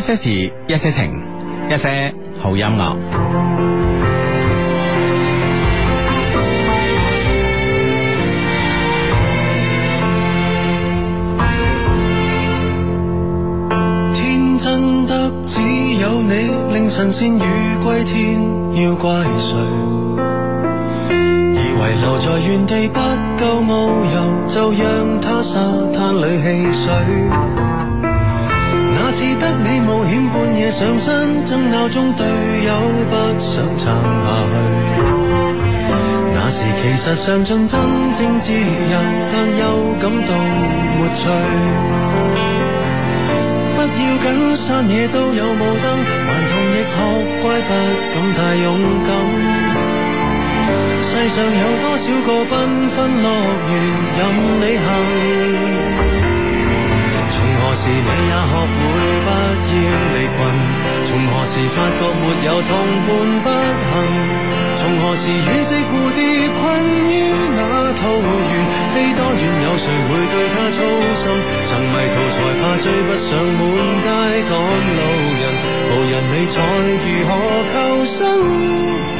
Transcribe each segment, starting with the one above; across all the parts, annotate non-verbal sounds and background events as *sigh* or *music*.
一些事，一些情，一些好音樂。天真得只有你，令神仙魚歸天，要怪誰？以為留在原地不夠遨遊，就讓它沙灘裏戲水。只得你冒險半夜上山，爭拗中隊友不想撐下去。那時其實嚐盡真正自由，但又感到沒趣。不要緊，山野都有霧燈，頑童亦學乖，不敢太勇敢。世上有多少個繽紛樂園，任你行。時你也學會不要離群，從何時發覺沒有同伴不行？從何時惋惜蝴蝶困於那桃源，飛多遠有誰會對他操心？曾迷途才怕追不上滿街趕路人，無人理睬如何求生？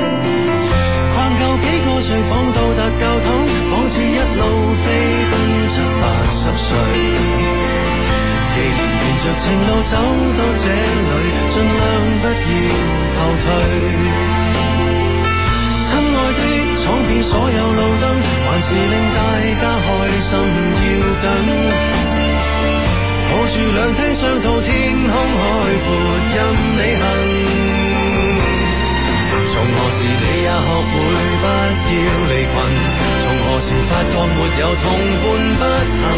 對方到達教堂，仿似一路飛奔七八十歲。既然沿着情路走到這裏，盡量不要後退。親愛的，闖遍所有路燈，還是令大家開心要緊。抱住兩肩上到天空海闊，任你行。時你也學會不要離群，從何時發覺沒有同伴不行？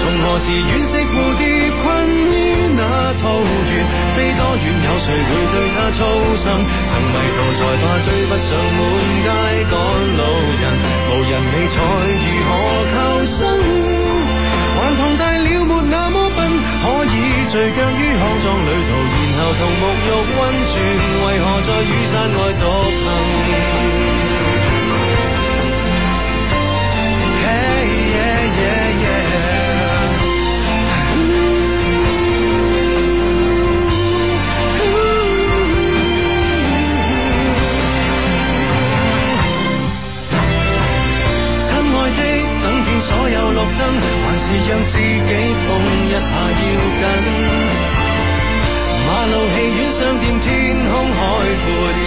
從何時惋惜蝴蝶困於那桃源，飛多遠有誰會對它操心？曾迷途才怕追不上滿街趕路人，無人理睬如何求生？頑童大了沒那麼笨，可以聚腳。河童沐浴溫泉，為何在雨傘外獨行？親愛的，等遍所有綠燈，還是讓自己瘋一下要緊？戲院、商店、天空、海闊，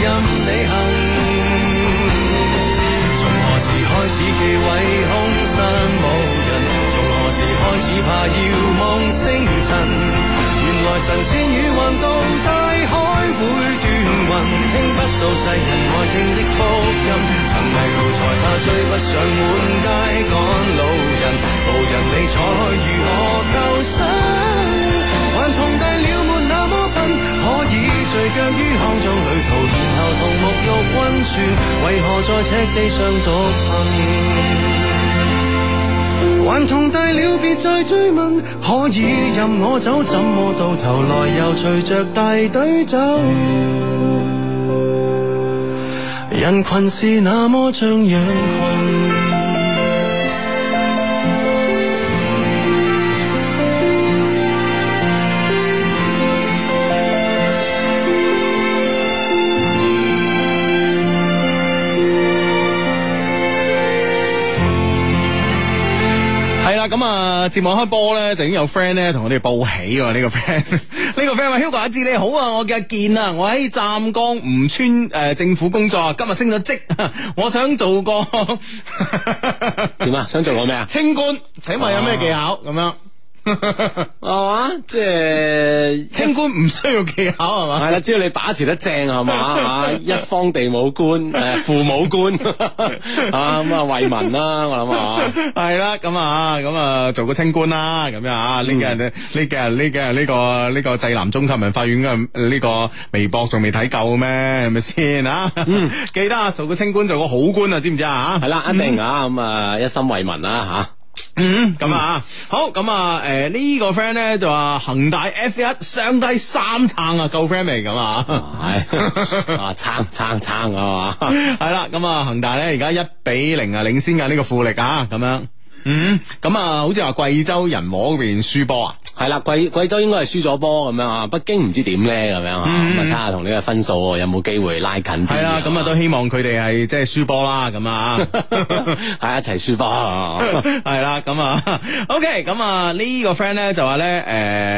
任你行。從何時開始忌諱空山無人？從何時開始怕遙望星塵？原來神仙魚橫渡大海會斷魂，聽不到世人愛聽的福音。曾迷途才怕追不上滿街趕路人，無人理睬如何求生。聚腳於康莊旅途，然後同沐浴溫泉，為何在赤地上獨行？頑童大了，別再追問。可以任我走，怎麼到頭來又隨着大隊走？人群是那麼像羊群。咁啊、嗯，節目開波咧，就已經有 friend 咧同我哋報喜喎。呢、這個 friend，呢、這個 friend 話 *laughs* *laughs* ：，Hugo 阿志，你好啊，我叫阿健啊，我喺湛江吳川誒政府工作，啊，今日升咗職，我想做個點 *laughs* 啊？想做個咩啊？清官，請問有咩技巧咁、啊、樣？係嘛，即係清官唔需要技巧係嘛，係啦，只要你把持得正係嘛，啊，一方地母官，父母官啊，咁啊為民啦，我諗啊，係啦，咁啊，咁啊做個清官啦，咁樣啊，呢幾日呢幾日呢幾日呢個呢個濟南中級人民法院嘅呢個微博仲未睇夠咩？係咪先啊？記得啊，做個清官，做個好官啊，知唔知啊？吓，係啦，一定啊，咁啊一心為民啦，吓。嗯，咁、嗯、啊，好，咁啊，誒、呃，呢、這個 friend 咧，就話恒大 F 一相低三撐啊，夠 friend 嚟，咁啊，係啊，撐撐撐啊嘛，係啦，咁啊，恒大咧而家一比零啊領先啊，呢個富力啊，咁樣。嗯，咁啊，好似話貴州人嗰邊輸波啊，係啦，貴貴州應該係輸咗波咁樣啊，北京唔知點咧咁樣啊，咁啊睇下同呢個分數有冇機會拉近啲。係啦，咁啊都希望佢哋係即係輸波啦，咁啊係一齊輸波，係啦，咁啊，OK，咁啊呢個 friend 咧就話咧，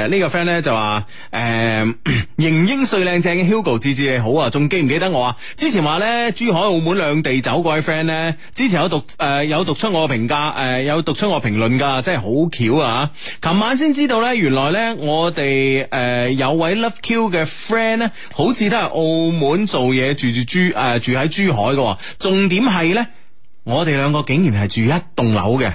誒呢個 friend 咧就話，誒型英帥靚正嘅 Hugo 志志好啊，仲記唔記得我啊？之前話咧珠海澳門兩地走嗰位 friend 咧，之前有讀誒有讀出我嘅評價誒有。有讀出我評論噶，真係好巧啊！琴晚先知道咧，原來咧我哋誒、呃、有位 Love Q 嘅 friend 咧，好似都係澳門做嘢，住珠、呃、住珠誒住喺珠海噶，重點係咧。我哋兩個竟然係住一棟樓嘅，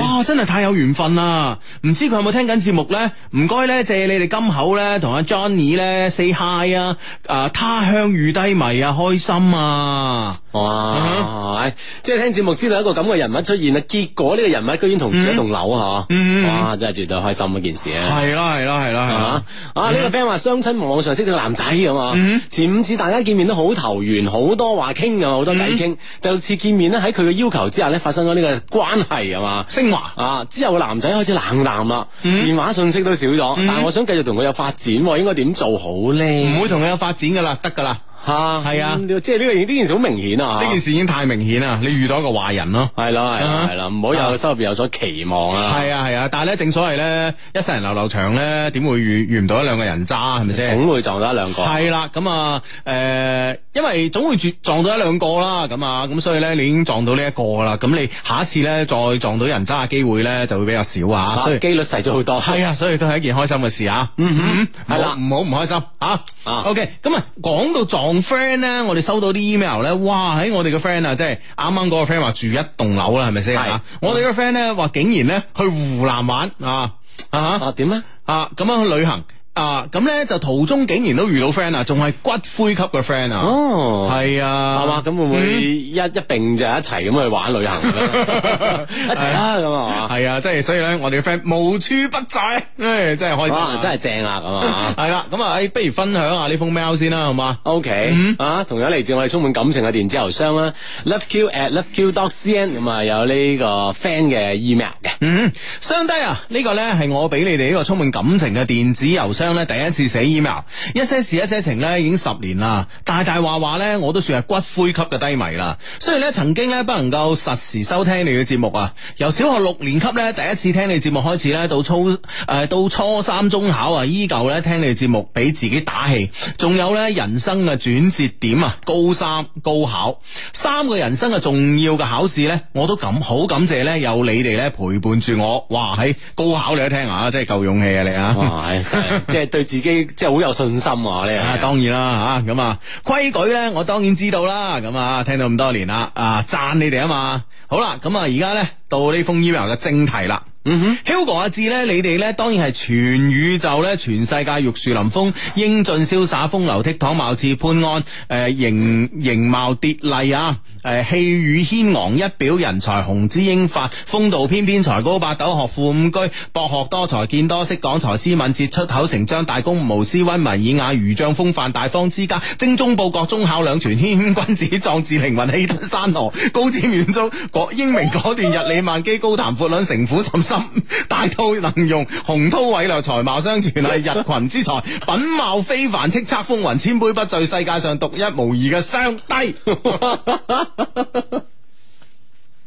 哇！真係太有緣分啦！唔知佢有冇聽緊節目咧？唔該咧，借你哋金口咧，同阿 Johnny 咧 say hi 啊！啊，他鄉遇低迷啊，開心啊！嗯、哼哇！係即係聽節目知道一個咁嘅人物出現啦，結果呢個人物居然同住一棟樓嗬、嗯哼啊！哇！真係絕對開心一件事啊！係啦，係啦，係啦，吓！啊，呢、這個 friend 話相親網上識咗個男仔咁啊！嗯、哼前五次大家見面都好投緣，好多話傾啊，好多偈傾。第六次見面咧喺佢。個要求之下咧，發生咗呢個關係係嘛，升華啊！之後個男仔開始冷淡啦，嗯、電話信息都少咗。嗯、但係我想繼續同佢有發展，應該點做好咧？唔、嗯、會同佢有發展噶啦，得噶啦。啊，係啊，即係呢個呢件事好明顯啊，呢件事已經太明顯啦，你遇到一個壞人咯，係咯，係啦，唔好有心入邊有所期望啊。係啊係啊，但係咧正所謂咧，一世人流流長咧，點會遇遇唔到一兩個人渣係咪先？總會撞到一兩個。係啦，咁啊，誒，因為總會撞到一兩個啦，咁啊，咁所以咧，你已經撞到呢一個啦，咁你下一次咧再撞到人渣嘅機會咧就會比較少啊，所以幾率細咗好多。係啊，所以都係一件開心嘅事啊。嗯，係啦，唔好唔開心啊。啊，OK，咁啊，講到撞。friend 咧，我哋收到啲 email 咧，哇！喺、哎、我哋個 friend 啊，即係啱啱個 friend 話住一棟樓啦，係咪先？吓我哋個 friend 咧話竟然咧去湖南玩啊啊！點咧啊？咁、啊啊、樣、啊、去旅行。啊，咁咧就途中竟然都遇到 friend 啊，仲係骨灰級嘅 friend 啊，哦，係啊，係嘛，咁會唔會一一併就一齊咁去玩旅行咧？一齊啦，咁啊係啊，即係所以咧，我哋嘅 friend 無處不在，誒，真係開心，真係正啊，咁啊，係啦，咁啊，不如分享下呢封 mail 先啦，好嘛？OK，啊，同樣嚟自我哋充滿感情嘅電子郵箱啦，love Q at love Q dot C N，咁啊有呢個 friend 嘅 email 嘅，嗯，相低啊，呢個咧係我俾你哋呢個充滿感情嘅電子郵箱。第一次寫 email，一些事一些情咧已經十年啦。大大話話咧，我都算係骨灰級嘅低迷啦。雖然咧，曾經咧不能夠實時收聽你嘅節目啊。由小學六年級咧第一次聽你節目開始咧，到初誒、呃、到初三中考啊，依舊咧聽你節目俾自己打氣。仲有咧人生嘅轉折點啊，高三高考三個人生嘅重要嘅考試呢，我都感好感謝咧有你哋咧陪伴住我。哇，喺高考你一聽啊，真係夠勇氣啊你啊。哇 *laughs* 即係對自己即係好有信心啊！你啊當然啦吓，咁啊規矩咧，我當然知道啦。咁啊聽到咁多年啦啊，讚你哋啊嘛。好啦，咁啊而家咧到呢封 email 嘅正題啦。嗯哼，Hugo 阿志呢，你哋呢？當然係全宇宙咧，全世界玉樹臨風，英俊瀟灑，風流倜儻，貌似判案，誒，形形貌昳麗啊，誒，氣宇軒昂，一表人才，雄姿英發，風度翩翩，才高八斗，學富五車，博學多才，見多識廣，才思敏捷，出口成章，大公無私，溫文爾雅，儒將風範，大方之家，精忠報國，忠孝兩全，謙君子，壯志凌雲，氣吞山河，高瞻遠矚，英明果斷，日理萬機，高談闊論，城府甚深。 *laughs* 大肚能用，雄韜偉略，才貌相傳係日群之才， *laughs* 品貌非凡，叱咤風雲，千杯不醉，世界上獨一無二嘅雙低。 *laughs*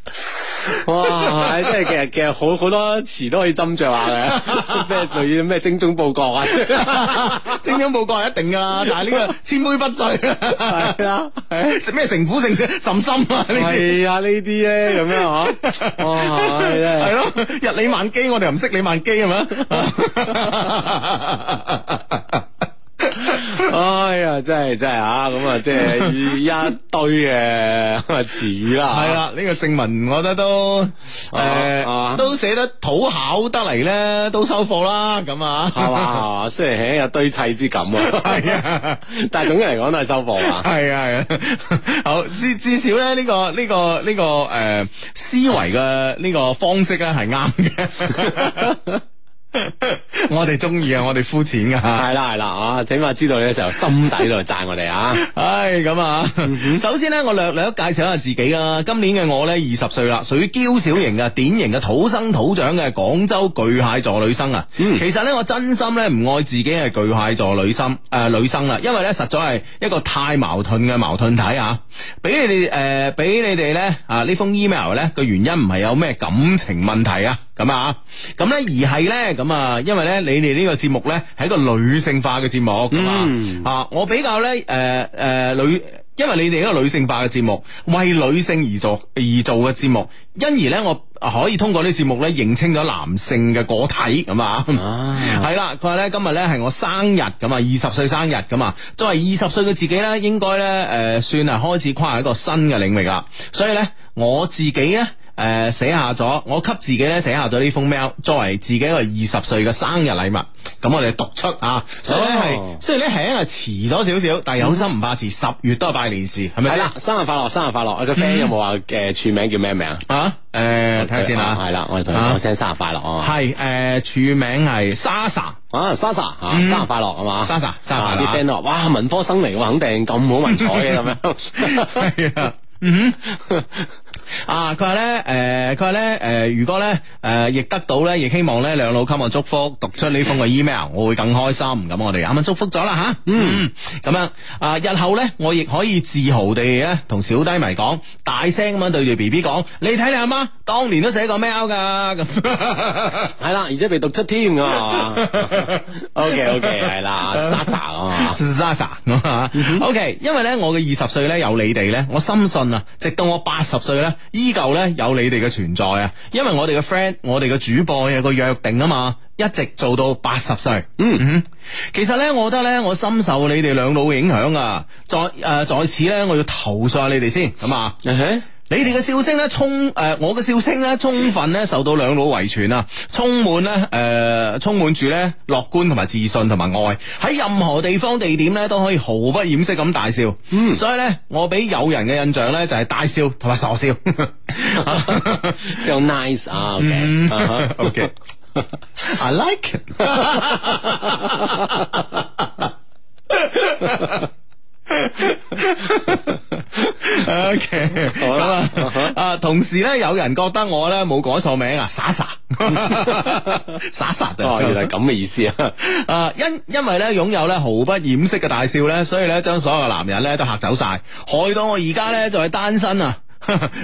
*laughs* 哇！即係 *laughs* 其實其實好好多詞都可以斟酌下嘅，咩類似咩精忠報國啊， *laughs* *laughs* 精忠報國係一定噶啦，但係呢個千杯不醉係啦，咩城府性甚深啊？呢係啊，呢啲咧咁樣嗬，係咯、啊，日理萬機，我哋又唔識理萬機係嘛。 *laughs* *laughs* *laughs* 哎呀，真係真係啊。咁啊，即係一堆嘅詞語啦。係啦， *laughs* 呢、這個正文我覺得都誒，呃啊啊、都寫得討巧得嚟咧，都收貨啦。咁啊，係嘛， *laughs* 雖然係一堆砌之感，係 *laughs* 啊， *laughs* 但係總嘅嚟講都係收貨啊。係啊，係啊， *laughs* 好至至少咧，呢、這個呢、這個呢、這個誒、這個這個這個這個呃、思維嘅呢個方式咧係啱嘅。 *laughs* *laughs* 我哋中意啊！我哋膚淺噶，係啦係啦啊！起碼知道你嘅時候心底度讚我哋啊！唉，咁啊，首先呢，我略略介紹下自己啦。今年嘅我呢，二十歲啦，屬於嬌小型嘅，典型嘅土生土長嘅廣州巨蟹座女生啊。嗯、其實呢，我真心呢，唔愛自己係巨蟹座女生，誒、呃，女生啦，因為呢，實在係一個太矛盾嘅矛盾體啊！俾你哋誒，俾、呃、你哋咧啊，呢封 email 呢，個原因唔係有咩感情問題啊？咁啊，咁咧而係呢，咁啊，因為呢，你哋呢個節目呢，係一個女性化嘅節目，咁、嗯、啊，我比較呢，誒、呃、誒、呃、女，因為你哋一個女性化嘅節目，為女性而做而做嘅節目，因而呢，我可以通過呢個節目呢，認清咗男性嘅個體，咁啊，係啦唉，佢話 *laughs* 呢，今日呢，係我生日，咁啊二十歲生日，咁啊作為二十歲嘅自己呢，應該呢，誒、呃、算係開始跨入一個新嘅領域啦，所以呢，我自己呢。誒，寫下咗，我給自己咧寫下咗呢封 mail，作為自己一個二十歲嘅生日禮物。咁我哋讀出啊，所以係，雖然咧請係遲咗少少，但係有心唔怕遲，十月都係拜年事，係咪係啦，生日快樂，生日快樂！個 friend 有冇話嘅，署名叫咩名啊？啊，誒，睇下先啊，係啦，我哋同你講聲生日快樂啊。係，誒，署名係莎莎，莎莎啊，生日快樂係嘛？莎莎，莎莎啲 friend 都話，哇，文科生嚟，我肯定咁好文采嘅咁樣。係啊，啊！佢話咧，誒，佢話咧，誒，如果咧，誒，亦得到咧，亦希望咧，兩老給我祝福，讀出呢封嘅 email，我會更開心。咁我哋啱啱祝福咗啦吓，嗯，咁樣啊，日後咧，我亦可以自豪地咧，同小低迷講，大聲咁樣對住 BB 講，你睇你阿媽當年都寫過 mail 噶，咁係啦，而且被讀出添，係 OK OK 係啦，Sasa Sasa OK，因為咧，我嘅二十歲咧有你哋咧，我深信啊，直到我八十歲咧。依舊咧有你哋嘅存在啊，因為我哋嘅 friend，我哋嘅主播有個約定啊嘛，一直做到八十歲。嗯嗯，其實咧，我覺得咧，我深受你哋兩老影響啊，在誒、呃、在此咧，我要投訴下你哋先，咁啊。嗯哼。你哋嘅笑聲咧充誒、呃，我嘅笑聲咧充分咧受到兩老遺傳啊，充滿咧誒，充滿住咧樂觀同埋自信同埋愛，喺任何地方地點咧都可以毫不掩飾咁大笑，嗯，所以咧我俾友人嘅印象咧就係大笑同埋傻笑，， *laughs* 笑，so nice 啊、ah，ok，ok，I、okay. uh huh. okay. like it。 *laughs* O K，好啦，啊，Okay. *laughs* 同時咧，有人覺得我咧冇改錯名啊，傻傻，傻傻，哦，原嚟咁嘅意思啊，啊，因因為咧擁有咧毫不掩飾嘅大笑咧，所以咧將所有嘅男人咧都嚇走晒，害到我而家咧就係單身啊，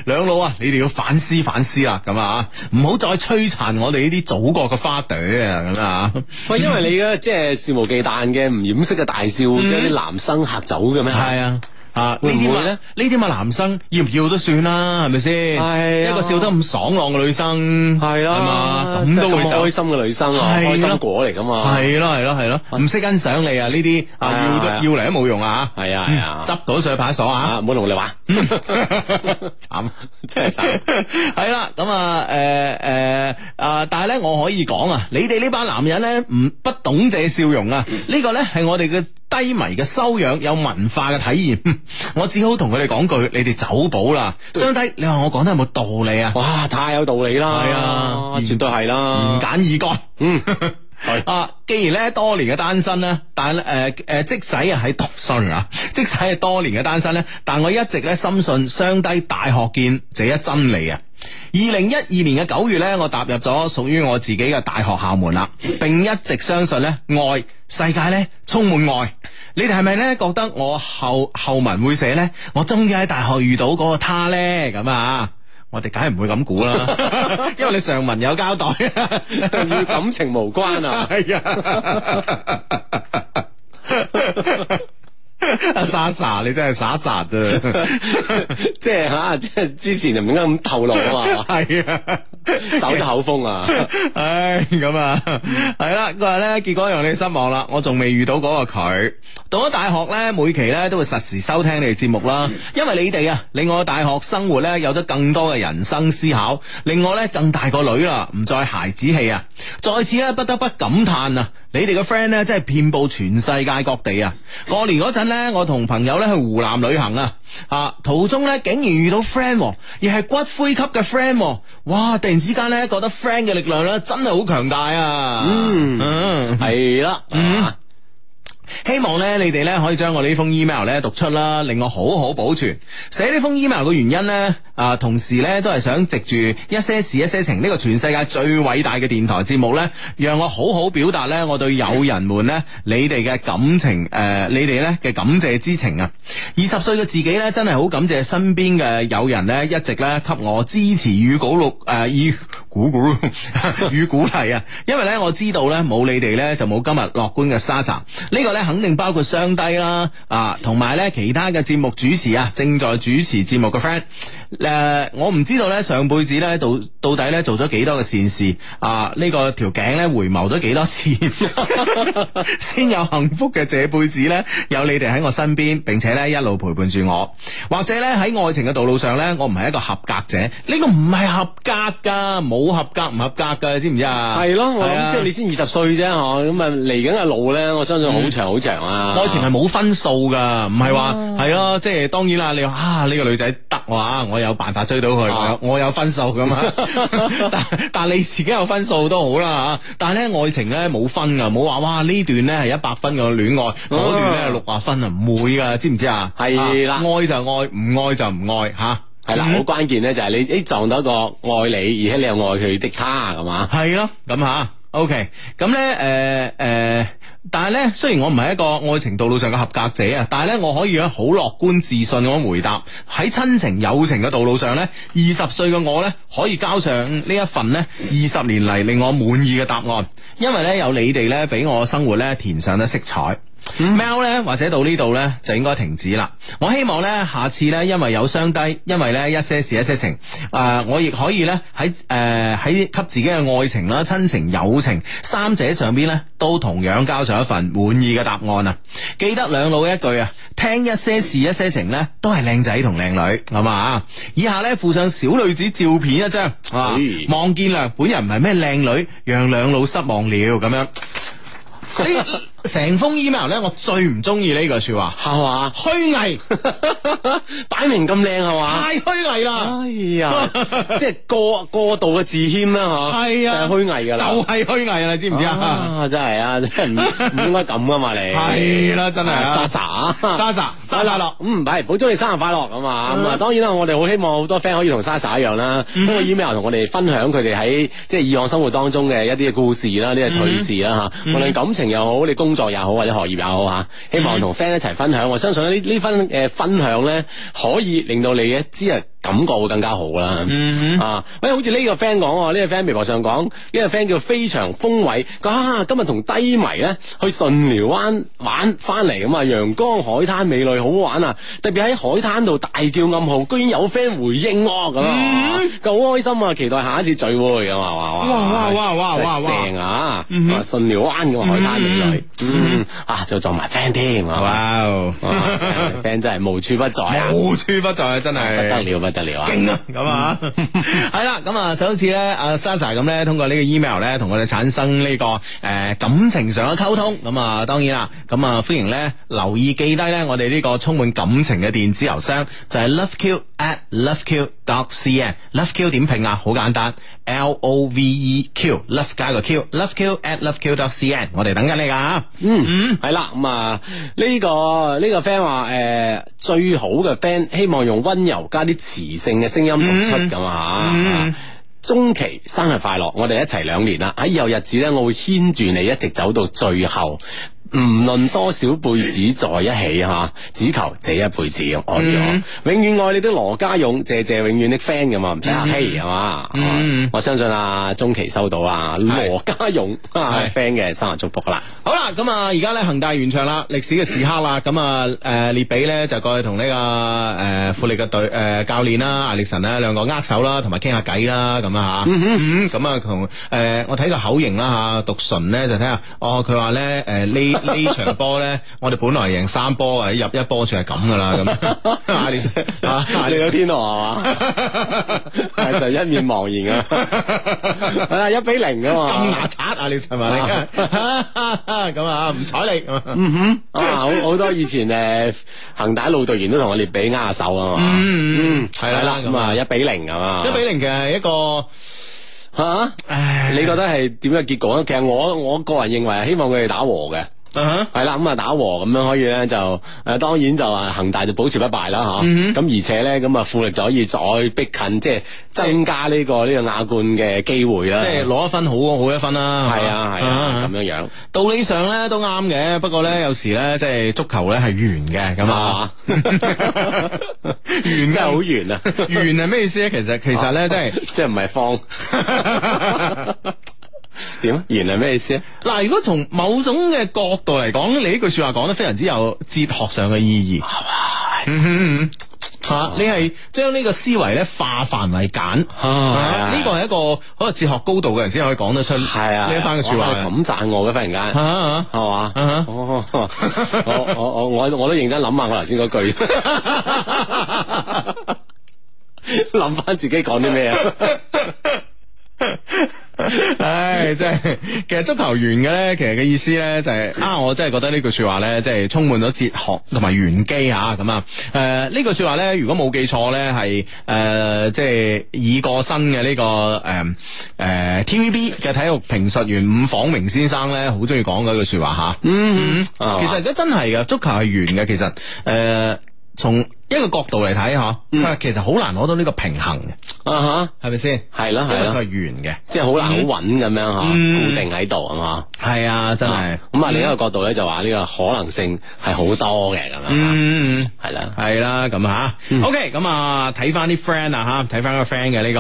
兩 *laughs* 老啊，你哋要反思反思啊，咁啊，唔好再摧殘我哋呢啲祖國嘅花朵啊，咁啊，喂，因為你嘅即係肆無忌憚嘅唔掩飾嘅大笑，將啲、嗯、男生嚇走嘅咩？係啊。啊！呢啲咧，呢啲嘛男生要唔要都算啦，係咪先？係一個笑得咁爽朗嘅女生，係咯，係嘛，咁都會收開心嘅女生，開心果嚟噶嘛？係咯，係咯，係咯，唔識欣賞你啊！呢啲啊，要都要嚟都冇用啊！係啊，係啊，執到上去派出所啊，唔好同你玩，慘，真係慘。係啦，咁啊，誒，誒，啊，但係咧，我可以講啊，你哋呢班男人咧，唔不懂這笑容啊，呢個咧係我哋嘅低迷嘅修養，有文化嘅體驗。我只好同佢哋講句，你哋走寶啦！兄弟對，你話我講得有冇道理啊？哇，太有道理，有道理啦！係啊，絕對係啦，言簡意賅，嗯。 *laughs* 對啊！既然咧多年嘅單身咧，但係咧誒誒，即使啊喺讀，sorry 啊，即使係多年嘅單身咧，但我一直咧深信相低大學見這一真理啊！二零一二年嘅九月咧，我踏入咗屬於我自己嘅大學校門啦，並一直相信咧愛世界咧充滿愛。你哋係咪咧覺得我後後文會寫呢？我終於喺大學遇到嗰個他呢？咁啊！我哋梗係唔會咁估啦，因為你上文有交代，與 *laughs* *laughs* 感情無關啊！係啊。阿莎莎，你真係耍傻啊！即係吓，即係之前又唔應該咁透露啊嘛，係啊， *laughs* 走咗口風啊，唉、 *laughs* 哎，咁啊，係啦、啊，佢話咧，結果讓你失望啦，我仲未遇到嗰個佢。到咗大學咧，每期咧都會實時收聽你哋節目啦，嗯、因為你哋啊，令我大學生活咧有咗更多嘅人生思考，令我咧更大個女啦，唔再孩子氣啊，再次咧不得不感嘆啊！你哋嘅 friend 咧，真係遍布全世界各地啊！過年嗰陣咧，我同朋友咧去湖南旅行啊，吓途中咧竟然遇到 friend，而係骨灰級嘅 friend 啊，哇！突然之間咧，覺得 friend 嘅力量咧，真係好強大啊！嗯嗯，係啦，啊。希望咧，你哋咧可以將我呢封 email 咧讀出啦，令我好好保存。寫呢封 email 嘅原因咧，啊，同時咧都係想藉住一些事、一些情，呢個全世界最偉大嘅電台節目咧，讓我好好表達咧我對友人們咧你哋嘅感情，誒、呃，你哋咧嘅感謝之情啊！二十歲嘅自己咧，真係好感謝身邊嘅友人咧，一直咧給我支持與鼓勵，誒、呃，以 *laughs* 鼓鼓與鼓勵啊，因為咧我知道咧冇你哋咧就冇今日樂觀嘅沙茶，呢、這個咧肯定包括雙低啦啊，同埋咧其他嘅節目主持啊，正在主持節目嘅 friend，誒、啊、我唔知道咧上輩子咧到到底咧做咗幾多嘅善事啊呢、這個條頸咧回眸咗幾多次 *laughs* 先有幸福嘅這輩子咧有你哋喺我身邊，並且咧一路陪伴住我，或者咧喺愛情嘅道路上咧我唔係一個合格者，呢、這個唔係合格噶冇。好合格唔合格噶，你知唔知啊？係咯，我的即係你先二十歲啫，嗬咁啊嚟緊嘅路咧，我相信好長好長啊！嗯、愛情係冇分數噶，唔係話係咯，即係當然啦。你話啊呢、這個女仔得話，我有辦法追到佢、啊，我有分數噶嘛。但但係你自己有分數都好啦吓。但係咧愛情咧冇分噶，唔好話哇呢段咧係一百分嘅戀愛，嗰段咧係六啊分啊，唔會噶，知唔知的啊？係啦，愛就愛，唔愛就唔愛吓。啊係啦，好關鍵呢就係你誒撞到一個愛你而且你又愛佢的他，係嘛？係咯，咁吓，OK。咁呢，誒、呃、誒、呃，但係呢，雖然我唔係一個愛情道路上嘅合格者啊，但係呢，我可以好樂觀自信咁回答喺親情友情嘅道路上呢，二十歲嘅我呢，可以交上呢一份呢二十年嚟令我滿意嘅答案，因為呢，有你哋呢俾我嘅生活呢填上咗色彩。喵呢，或者到呢度呢，就應該停止啦。我希望呢，下次呢，因為有傷低，因為呢，一些事一些情，誒、呃，我亦可以呢，喺誒喺給自己嘅愛情啦、親情、情、友情三者上邊呢，都同樣交上一份滿意嘅答案啊！記得兩老一句啊，聽一些事一些情呢，都係靚仔同靚女，係嘛啊？以下呢，附上小女子照片一張，望、啊、見諒，本人唔係咩靚女，讓兩老失望了咁樣。 *laughs* 成封 email 咧，我最唔中意呢句說話，係嘛？虛偽，擺明咁靚係嘛？太虛偽啦！哎呀，即係過過度嘅自謙啦，嗬？係啊，就係虛偽噶啦，就係虛偽啊，你知唔知啊？真係啊，真係唔應該咁啊嘛，你係啦，真係。莎莎，莎莎，生日快樂！唔係，好中意生日快樂噶嘛？咁啊，當然啦，我哋好希望好多 friend 可以同莎莎一樣啦，通過 email 同我哋分享佢哋喺即係以往生活當中嘅一啲嘅故事啦，呢個趣事啦，吓，無論感情又好，你公。工作也好，或者學業也好吓，希望同 friend 一齊分享。嗯、我相信呢呢份誒分享咧，可以令到你一知啊。感覺會更加好啦。啊，喂，好似呢個 friend 講，呢個 friend 微博上講，呢個 friend 叫非常風偉，佢啊今日同低迷咧去順寮灣玩翻嚟，咁啊陽光海灘美女好玩啊！特別喺海灘度大叫暗號，居然有 friend 回應我，咁啊，佢好開心啊！期待下一次聚會，咁啊哇哇哇哇哇！正啊，順寮灣嘅海灘美女，啊就撞埋 friend 添，哇！friend 真係無處不在啊，無處不在啊，真係不得了得嚟啊！咁、嗯、 *laughs* 啊，係啦，咁啊，上一次咧，阿 Sasha 咁咧，通過呢個 email 咧，同我哋產生呢、這個誒、呃、感情上嘅溝通。咁啊，當然啦，咁啊，歡迎咧留意記低咧，我哋呢個充滿感情嘅電子郵箱就係、是、loveq at loveq dot cn。loveq 點拼啊？好簡單，l o v e q，love 加個 q，loveq at loveq dot cn。我哋等緊你噶、啊，嗯，係啦、嗯，咁啊，呢、這個呢、這個 friend 話誒、呃、最好嘅 friend，希望用溫柔加啲詞。異性嘅聲音讀出咁啊！中期、嗯嗯、生日快樂，我哋一齊兩年啦，喺以後日子咧，我會牽住你一直走到最後。唔論多少輩子在一起吓，只求這一輩子愛、嗯、我，我，永遠愛你的羅家勇，謝謝永遠的 friend 咁嘛。唔使客氣，係嘛，嗯、我相信啊，中期收到啊，羅 *laughs* 是家勇啊 friend 嘅生日祝福啦。嗯、好啦，咁啊而家咧恒大完場啦，歷史嘅時刻啦，咁啊誒列比咧就過去同呢、這個誒、呃、富力嘅隊誒教練啦阿力臣咧兩個握手啦，同埋傾下偈啦咁啊吓，咁啊同誒我睇個口型啦吓，讀唇咧就睇下哦，佢話咧誒呢。哦 *laughs* *laughs* 場呢場波咧，我哋本來贏三波啊，入一波就係咁噶啦，咁啊你有天鵝啊嘛，就 *laughs* 一面茫然啊，係 *laughs* 啦一比零噶嘛，咁牙賊啊你陳文，咁啊唔睬你， *laughs* *laughs* 啊、好好多以前誒恒大老隊員都同我哋比握手啊嘛，嗯嗯係啦咁啊一比零啊嘛，一比零嘅一個吓， *laughs* *laughs* 你覺得係點樣嘅結果咧？ *laughs* 其實我我個人認為，希望佢哋打和嘅。係啦，咁啊、uh huh. 打和咁樣可以咧就，誒、呃、當然就話恒大就保持不敗啦吓，咁、uh huh. 而且咧咁啊富力就可以再逼近，即、就、係、是、增加呢、這個呢、uh huh. 個亞冠嘅機會啦。即係攞一分好啊，好一分啦。係啊係啊，咁樣、啊啊啊、樣，道理上咧都啱嘅，不過咧有時咧即係足球咧係圓嘅，咁、uh huh. *laughs* 啊，圓真係好圓啊，圓係咩意思咧？其實其實咧即係即係唔係方。點？原嚟咩意思啊？嗱，如果從某種嘅角度嚟講，你呢句說話講得非常之有哲學上嘅意義。吓，你係將呢個思維咧化繁為簡。呢個係一個可能哲學高度嘅人先可以講得出。係啊，呢一番嘅說話咁讚我嘅忽然間，係嘛？我我我我都認真諗下我頭先嗰句，諗翻，自己講啲咩啊？唉、 *laughs* 哎，即、就、係、是、其實足球圓嘅咧，其實嘅意思咧就係、是、啊，我真係覺得呢句說話咧，即係充滿咗哲學同埋玄機啊！咁、呃、啊，誒呢句說話咧，如果冇記錯咧，係誒即係已過身嘅呢、這個誒誒、呃呃、T V B 嘅體育評述員伍晃榮先生咧，好鍾意講嘅一句說話吓。啊、嗯嗯，其實而家真係嘅足球係圓嘅，其實誒從。從一個角度嚟睇嗬，佢其實好難攞到呢個平衡嘅，啊吓、uh，係咪先？係啦係啦，佢係圓嘅，即係好難好穩咁樣嗬，uh huh. 固定喺度係嘛？係、uh huh. 啊，真係、嗯。咁啊，另一個角度咧就話呢個可能性係好多嘅咁樣，嗯、uh，係啦，係啦，咁啊吓。O K，咁啊睇翻啲 friend 啊吓，睇翻個 friend 嘅呢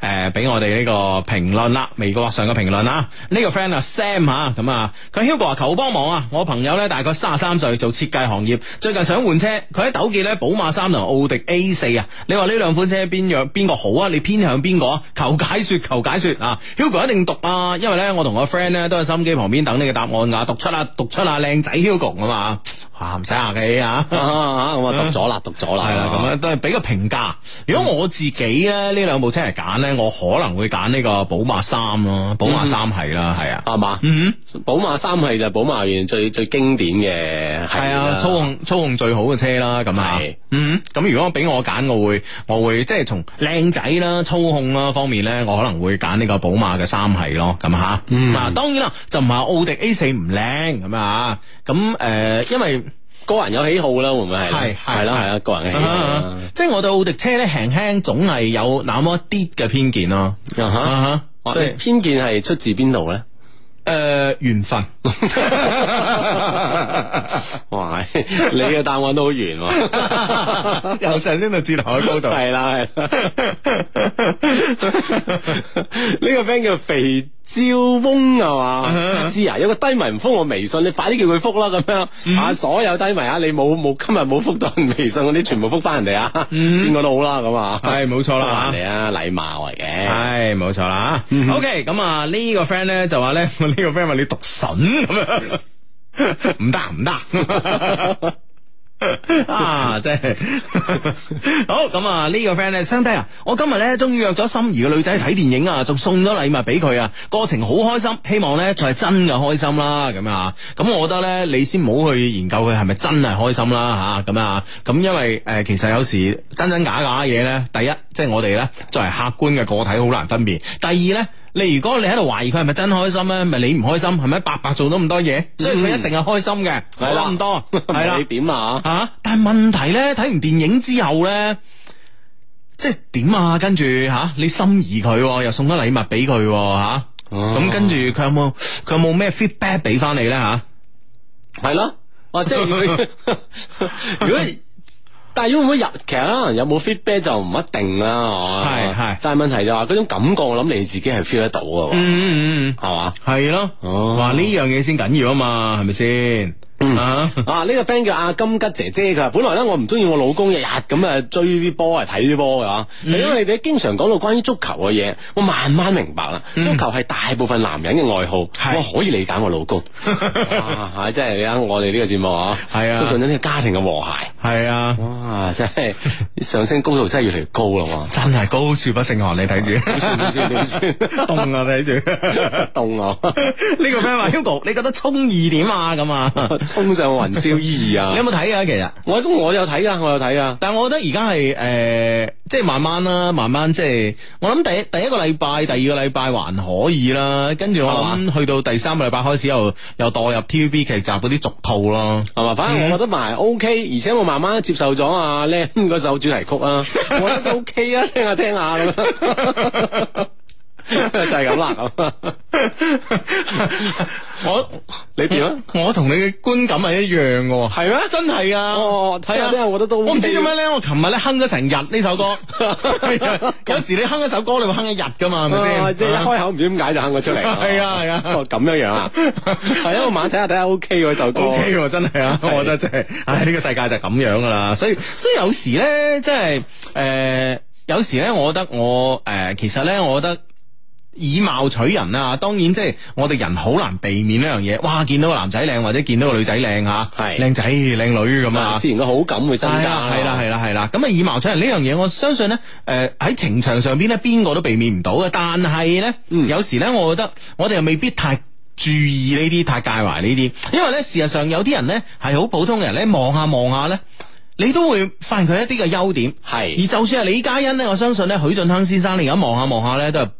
個誒，俾我哋呢個評論啦，微博上嘅評論啊。呢個 friend 啊、呃這個、Sam 啊，咁啊佢 Hugo 求幫忙啊！我朋友咧大概卅三歲，做設計行業，最近想換車，佢喺糾結咧寶馬。三同奧迪 A 四啊！你話呢兩款車邊樣邊個好啊？你偏向邊個啊？求解說，求解說啊！Hugo 一定讀啊，因為咧我同我 friend 咧都喺收音機旁邊等呢個答案啊！讀出啊，讀出啊，靚仔 Hugo 啊嘛！啊，唔使客氣啊！咁 *laughs* *laughs* 啦啊，讀咗啦，讀咗啦，係啦，咁樣，都係俾個評價。如果我自己咧呢兩部車嚟揀咧，嗯、我可能會揀呢個寶馬三咯、啊，寶馬三系啦，係啊，係嘛，嗯、寶、啊嗯、馬三系就寶馬最最經典嘅、啊，係啊，操控操控最好嘅車啦，咁啊。嗯，咁如果俾我揀，我會，我會即係從靚仔啦、操控啦方面咧，我可能會揀呢個寶馬嘅三系咯，咁吓。嗯，嗱，當然啦，就唔係奧迪 A 四唔靚咁啊，咁誒、呃，因為個人有喜好會會啦，會唔會係？係係啦係啦，啦啦個人嘅喜好、uh、huh，即係我對奧迪車咧，輕輕總係有那麼一啲嘅偏見咯。啊哈啊哈，偏見係出自邊度咧？誒，緣分哇！你嘅答案都好圓，由上升到至海高度，係啦，係。呢個 friend 叫肥蕉翁係嘛？知啊，有個低迷唔覆我微信，你快啲叫佢覆啦咁樣。啊，所有低迷啊，你冇冇今日冇覆到人微信嗰啲，全部覆翻人哋啊，邊個都好啦咁啊。係冇錯啦，嚟啊，禮貌嚟嘅。係冇錯啦。OK，咁啊，呢個 friend 咧就話咧，呢個 friend 話你讀神，咁樣，唔得唔得。 *laughs* 啊，即真係 *laughs* 好咁啊！個呢個 friend 咧，兄弟啊，我今日咧終於約咗心儀嘅女仔睇電影啊，仲送咗禮物俾佢啊，過程好開心，希望咧佢係真嘅開心啦，咁啊，咁我覺得咧你先唔好去研究佢係咪真係開心啦吓，咁啊，咁、啊、因為誒、呃、其實有時真真假假嘅嘢咧，第一即係、就是、我哋咧作為客觀嘅個體好難分辨，第二咧。你如果你喺度懷疑佢係咪真開心咧，咪你唔開心係咪？白白做到咁多嘢，所以佢一定係開心嘅。攞咁、嗯、多，多，係啦了， *laughs* 你點啊吓、啊？但係問題咧，睇完電影之後咧，即係點啊？跟住吓，你心儀佢、哦、又送咗禮物俾佢吓，咁跟住佢有冇佢有冇咩 feedback 俾翻你咧吓？係咯，哦，即、啊、係如果。但係如果唔會入，其實可能有冇 feedback 就唔一定啦。係係，但係問題就話嗰種感覺，我諗你自己係 feel 得到嘅、嗯。嗯嗯嗯，係嘛吧？係咯的。哦，話呢樣嘢先緊要啊嘛，係咪先？啊，呢個 friend 叫阿金吉姐姐㗎，本來咧我唔中意我老公日日咁啊追啲波嚟睇啲波㗎，因為你哋經常講到關於足球嘅嘢，我慢慢明白啦，足球係大部分男人嘅愛好，我可以理解我老公，係真係啊，我哋呢個節目啊，促進咗呢個家庭嘅和諧，係啊，哇真係上升高度真係越嚟越高咯，真係高處不勝寒，你睇住，凍啊睇住，凍啊，呢個 friend 話 Hugo 你覺得沖意點啊咁啊？衝上雲霄二啊！ *laughs* 你有冇睇啊？其實我 *laughs* 我有睇啊，我有睇啊！ *laughs* 但係我覺得而家係誒，即、呃、係、就是、慢慢啦、啊，慢慢即、就、係、是、我諗第一第一個禮拜、第二個禮拜還可以啦，跟住我諗、啊、去到第三個禮拜開始又又墮入 TVB 劇集嗰啲俗套咯，係咪、嗯、反正我覺得埋 OK，而且我慢慢接受咗阿 Lam 嗰首主題曲啊，我覺得都 OK 啊，聽下聽下咁。 *laughs* 就係咁啦，咁我你點啊？我同你嘅觀感係一樣嘅，係咩？真係啊！睇下咧，我覺得都我唔知點解咧。我琴日咧哼咗成日呢首歌，有時你哼一首歌，你會哼一日噶嘛？係咪先？即係一開口唔知點解就哼咗出嚟。係啊係啊，咁樣樣啊。係啊，我晚睇下睇下，OK 嗰首歌，OK 真係啊！我覺得真係，唉，呢個世界就係咁樣噶啦。所以所以有時咧，即係誒，有時咧，我覺得我誒，其實咧，我覺得。以貌取人啊，當然即係我哋人好難避免呢樣嘢。哇，見到個男仔靚或者見到個女是仔靚吓，係靚仔靚女咁啊，自然嘅好感會增加。係啦係啦係啦，咁啊，啊，啊，啊以貌取人呢樣嘢，我相信呢，誒、呃、喺情場上邊咧，邊個都避免唔到嘅。但係呢，嗯、有時呢，我覺得我哋又未必太注意呢啲，太介懷呢啲，因為呢，事實上有啲人呢係好普通嘅人呢，望下望下呢忙著忙著，你都會發現佢一啲嘅優點。係是而就算係李嘉欣呢，我相信呢，許晉亨先生你而家望下望下呢，都係。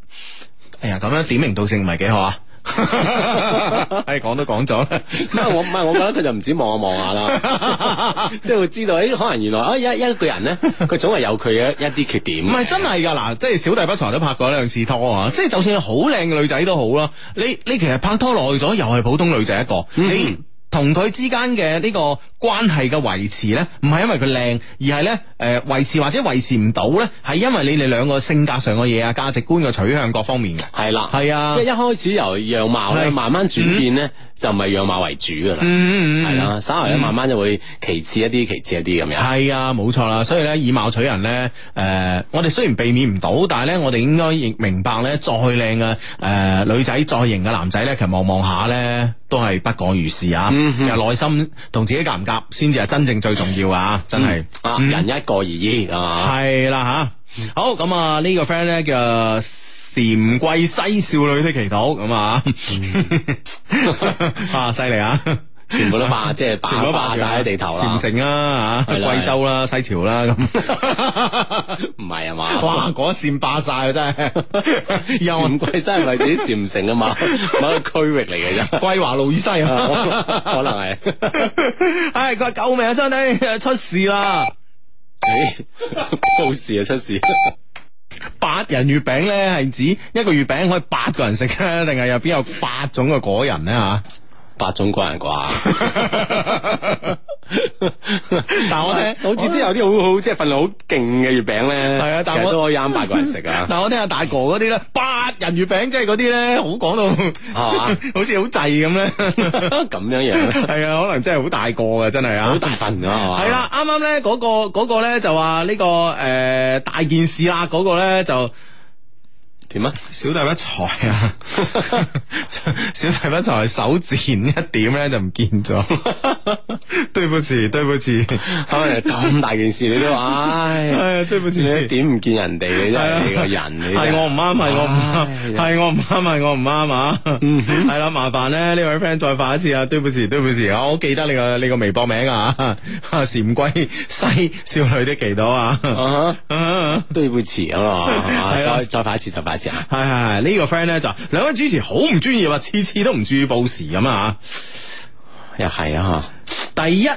哎呀，咁樣點名道姓唔係幾好啊！哎 *laughs* 說，講都講咗啦，唔係我唔係我覺得佢就唔止望一望下啦，即 *laughs* 係會知道、欸，可能原來一一個人咧，佢 *laughs* 總係有佢嘅一啲缺點。唔係真係噶，嗱，即係小弟不才都拍過兩次拖啊！即係就算係好靚嘅女仔都好啦，你你其實拍拖耐咗，又係普通女仔一個，你、嗯。欸嗯同佢之間嘅呢個關係嘅維持呢，唔係因為佢靚，而係呢誒維持或者維持唔到呢，係因為你哋兩個性格上嘅嘢啊，價值觀嘅取向各方面嘅。係啦了，係啊，即係一開始由樣貌咧，慢慢轉變呢，啊、就唔係樣貌為主噶啦，係啦、嗯啊，稍微慢慢就會其次一啲、嗯，其次一啲咁樣。係啊，冇錯啦，所以呢，以貌取人呢，誒、呃，我哋雖然避免唔到，但係呢，我哋應該亦明白呢，再靚嘅誒女仔，再型嘅男仔呢，其實望望下呢，都係不過如是啊。嗯又內 *noise* 心同自己夾唔夾，先至係真正最重要啊！真係啊，人一個而已 *noise* 吧啊，係啦吓。好，咁啊，呢個 friend 咧叫《禪桂西少女的祈禱》咁啊，啊，犀 *laughs* 利啊！全部都霸，即係全部都霸晒喺地頭啦。禪城啊，吓是的、啊，貴州啦，西樵啦，咁唔係啊嘛？哇， *laughs* 嗰扇霸晒啊，真係。又禪桂西係咪自己禪城啊嘛，某一個區域嚟嘅啫。桂華路以西啊，可能係。唉 *laughs* 哎，佢話救命啊，兄弟，出事啦！ *laughs* 哎，冇事啊，出事。 *laughs* 八人月餅咧，係指一個月餅可以八個人食啊，定係入邊有八種嘅果仁咧啊？八種國人啩，但係我聽，好似都有啲好好，即係份量好勁嘅月餅咧。係啊，但係我都可以啱八個人食啊。但係我聽下大哥嗰啲咧，八人月餅即係嗰啲咧，好講到係嘛，好似好滯咁咧。咁樣樣，係啊，可能真係好大個噶，真係啊，好大份噶係嘛。係啦，啱啱咧嗰個嗰個咧就話呢個誒大件事啦，嗰個咧就。點啊？小弟不才啊！ *laughs* 小弟不才，手賤一點咧就唔見咗。 *laughs* 對不住、 *laughs* 哎哎哎，對不住，可咁大件事你都話，唉、哎呀，啊，啊 *laughs* *laughs* 對不住起，你一點唔見人哋你真係，你個人，係我唔啱，係我唔啱，係我唔啱，係我唔啱啊！係啦，麻煩咧，呢位 friend 再發一次啊，對不住起， *laughs* 對不住，我好記得你個你個微博名啊，啊，禪龜西少女都記到啊，對不住啊嘛，再再發一次就發。再一次再一次係係係呢個 friend 咧就兩位主持好唔專業啊，次次都唔注意報時咁啊，又係、嗯、啊，吓，第一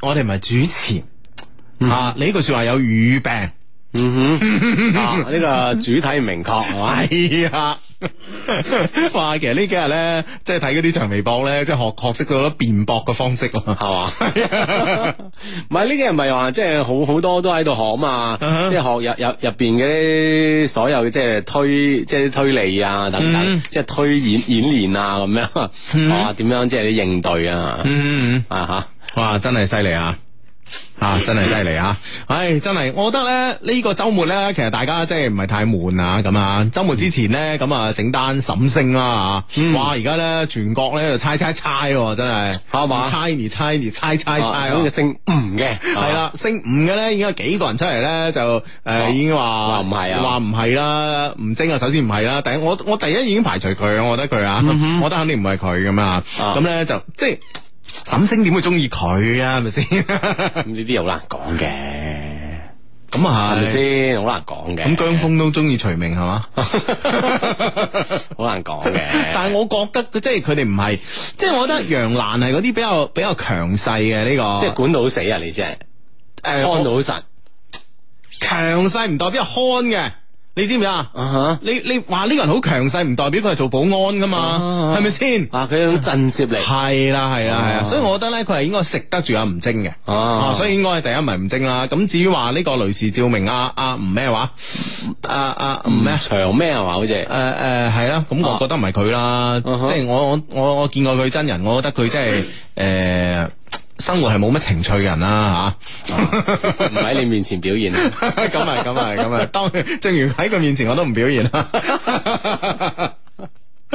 我哋唔係主持吓，你呢句說話有語病。嗯哼，呢、啊這個主體唔明確係嘛？係啊，話 *laughs* 其實呢幾日咧，即係睇嗰啲長微博咧，即係學學識咗好多辯駁嘅方式咯，係嘛吧？唔係呢幾日咪話即係好好多都喺度學嘛，即係、啊、學入入入邊嘅所有即係推即係推理啊等等，即係推演演練啊咁樣，哇點樣即係應對啊？啊吓、嗯嗯嗯，哇、嗯、哇真係犀利啊！嗯啊！真係犀利啊！唉，真係，我覺得咧呢個周末咧，其實大家真係唔係太悶啊！咁啊，周末之前呢，咁啊整單沈星啦啊！哇！而家咧全國咧就猜猜猜，真係吓嘛？猜而猜而猜猜猜，好似姓吳嘅係啦，姓吳嘅咧已經有幾個人出嚟咧就誒，已經話話唔係啊，話唔係啦，唔精啊，首先唔係啦，第一我我第一已經排除佢，我覺得佢啊，我覺得肯定唔係佢咁啊，咁咧就即係。沈星點會中意佢啊？係咪先？咁呢啲好難講嘅。咁啊係，咪先好難講嘅？咁姜峰都中意徐明係嘛？好難講嘅。但係我覺得，即係佢哋唔係，即係我覺得楊瀾係嗰啲比較比較強勢嘅呢個。即係管到死啊！你即係，呃，看到實，強勢唔代表看嘅。你知唔知啊？你你話呢個人好強勢，唔代表佢係做保安噶嘛？係咪先啊？佢有震懾力。係啦係啦係啊，uh huh. 所以我覺得咧，佢係應該食得住阿吳精嘅哦，uh huh. 所以應該係第一咪吳精啦。咁至於話呢個雷士照明阿阿吳咩話？阿阿吳咩長咩話？好似誒誒係啦，咁、啊呃、我覺得唔係佢啦，即係、uh huh. 我我我我見過佢真人，我覺得佢真係誒。呃 *laughs* 生活係冇乜情趣嘅人啦，吓唔喺你面前表現，咁啊咁啊咁啊， *laughs* 當正如喺佢面前我，我都唔表現啦。係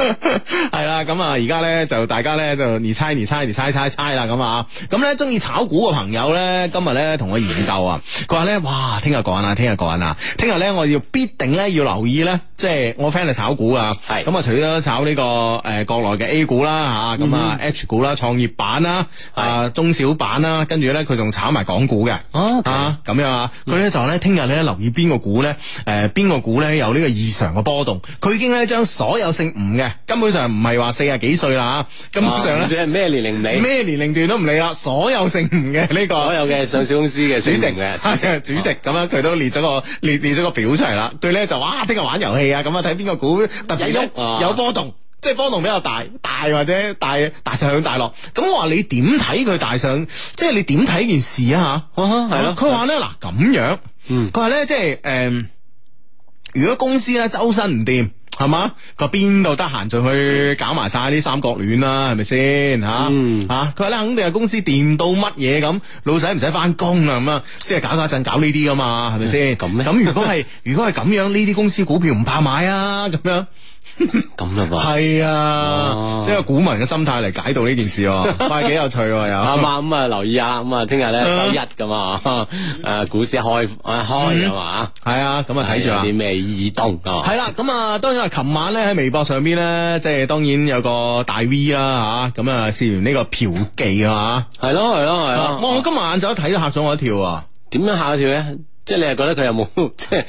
*laughs* 啦，嗯，咁啊，而家咧就大家咧就你猜你猜你猜，猜猜猜啦，咁、嗯、啊，咁咧中意炒股嘅朋友咧，今日咧同我研究啊，佢話咧哇，聽日講啊，聽日講啊，聽日咧我要必定咧要留意咧，即係我 friend 係炒股，是、這個呃、股啊，係、嗯，咁、嗯、啊除咗炒呢個誒國內嘅 A 股啦吓，咁啊 H 股啦，創業板啦、嗯啊，啊中小板啦，跟住咧佢仲炒埋港股嘅，哦 Okay.，啊咁樣啊，佢咧就咧聽日咧留意邊個股咧，誒邊個股咧有呢個異常嘅波動，佢已經咧將所有姓吳嘅。呃嗯嗯根本上唔係話四啊幾歲啦，根本上咧，或係咩年齡理，咩年齡段都唔理啦，所有姓吳嘅呢個，所有嘅上市公司嘅主席嘅主席咁樣，佢都列咗個列列咗個表出嚟啦。對咧就哇，聽日玩遊戲啊，咁啊睇邊個股特別有波動，即係波動比較大，大或者大大上向大落。咁我話你點睇佢大上？即係你點睇件事啊？吓，係咯。佢話咧嗱咁樣，佢話咧即係誒，如果公司咧周身唔掂。係、啊嗯啊、嘛？佢邊度得閒就去搞埋晒啲三角戀啦？係咪先吓吓？佢話咧肯定係公司掂到乜嘢咁，老細唔使翻工啦，咁啊，即係搞搞陣搞呢啲噶嘛？係咪先？咁咧？咁如果係 *laughs* 如果係咁樣，呢啲公司股票唔怕買啊？咁樣。咁啦嘛，係啊，即係個股民嘅心態嚟解讀呢件事，哇，幾有趣喎，又啱啊，咁啊留意下，咁啊聽日咧周一咁啊，誒，股市開開啊嘛，係啊，咁啊睇住有啲咩異動，係啦，咁啊當然啊，琴晚咧喺微博上邊咧，即係當然有個大 V 啦、啊、吓，咁啊試完呢個嫖妓 *laughs* *laughs* 啊，嘛、啊，係咯係咯係啦，我、啊啊、今晚晏晝一睇都嚇咗我一跳啊，點樣嚇一跳咧？即係你係覺得佢有冇即係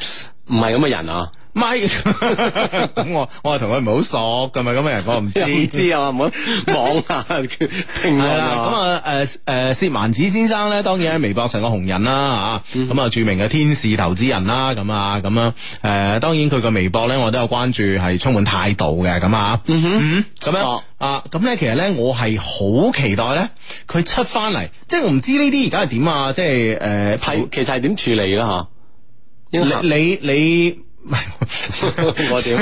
唔係咁嘅人啊？咪咁我我係同佢唔係好熟，係咪咁嘅人我唔知，唔知啊，唔好妄下評論。咁啊誒誒薛蠻子先生咧，當然喺微博上個紅人啦啊，咁啊著名嘅天使投資人啦，咁啊咁啊，誒，當然佢個微博咧，我都有關注，係充滿態度嘅咁啊。嗯哼，咁樣啊，咁咧其實咧，我係好期待咧，佢出翻嚟，即係我唔知呢啲而家係點啊，即係誒，其實係點處理啦吓？你你。唔係 *laughs* 我點怎樣，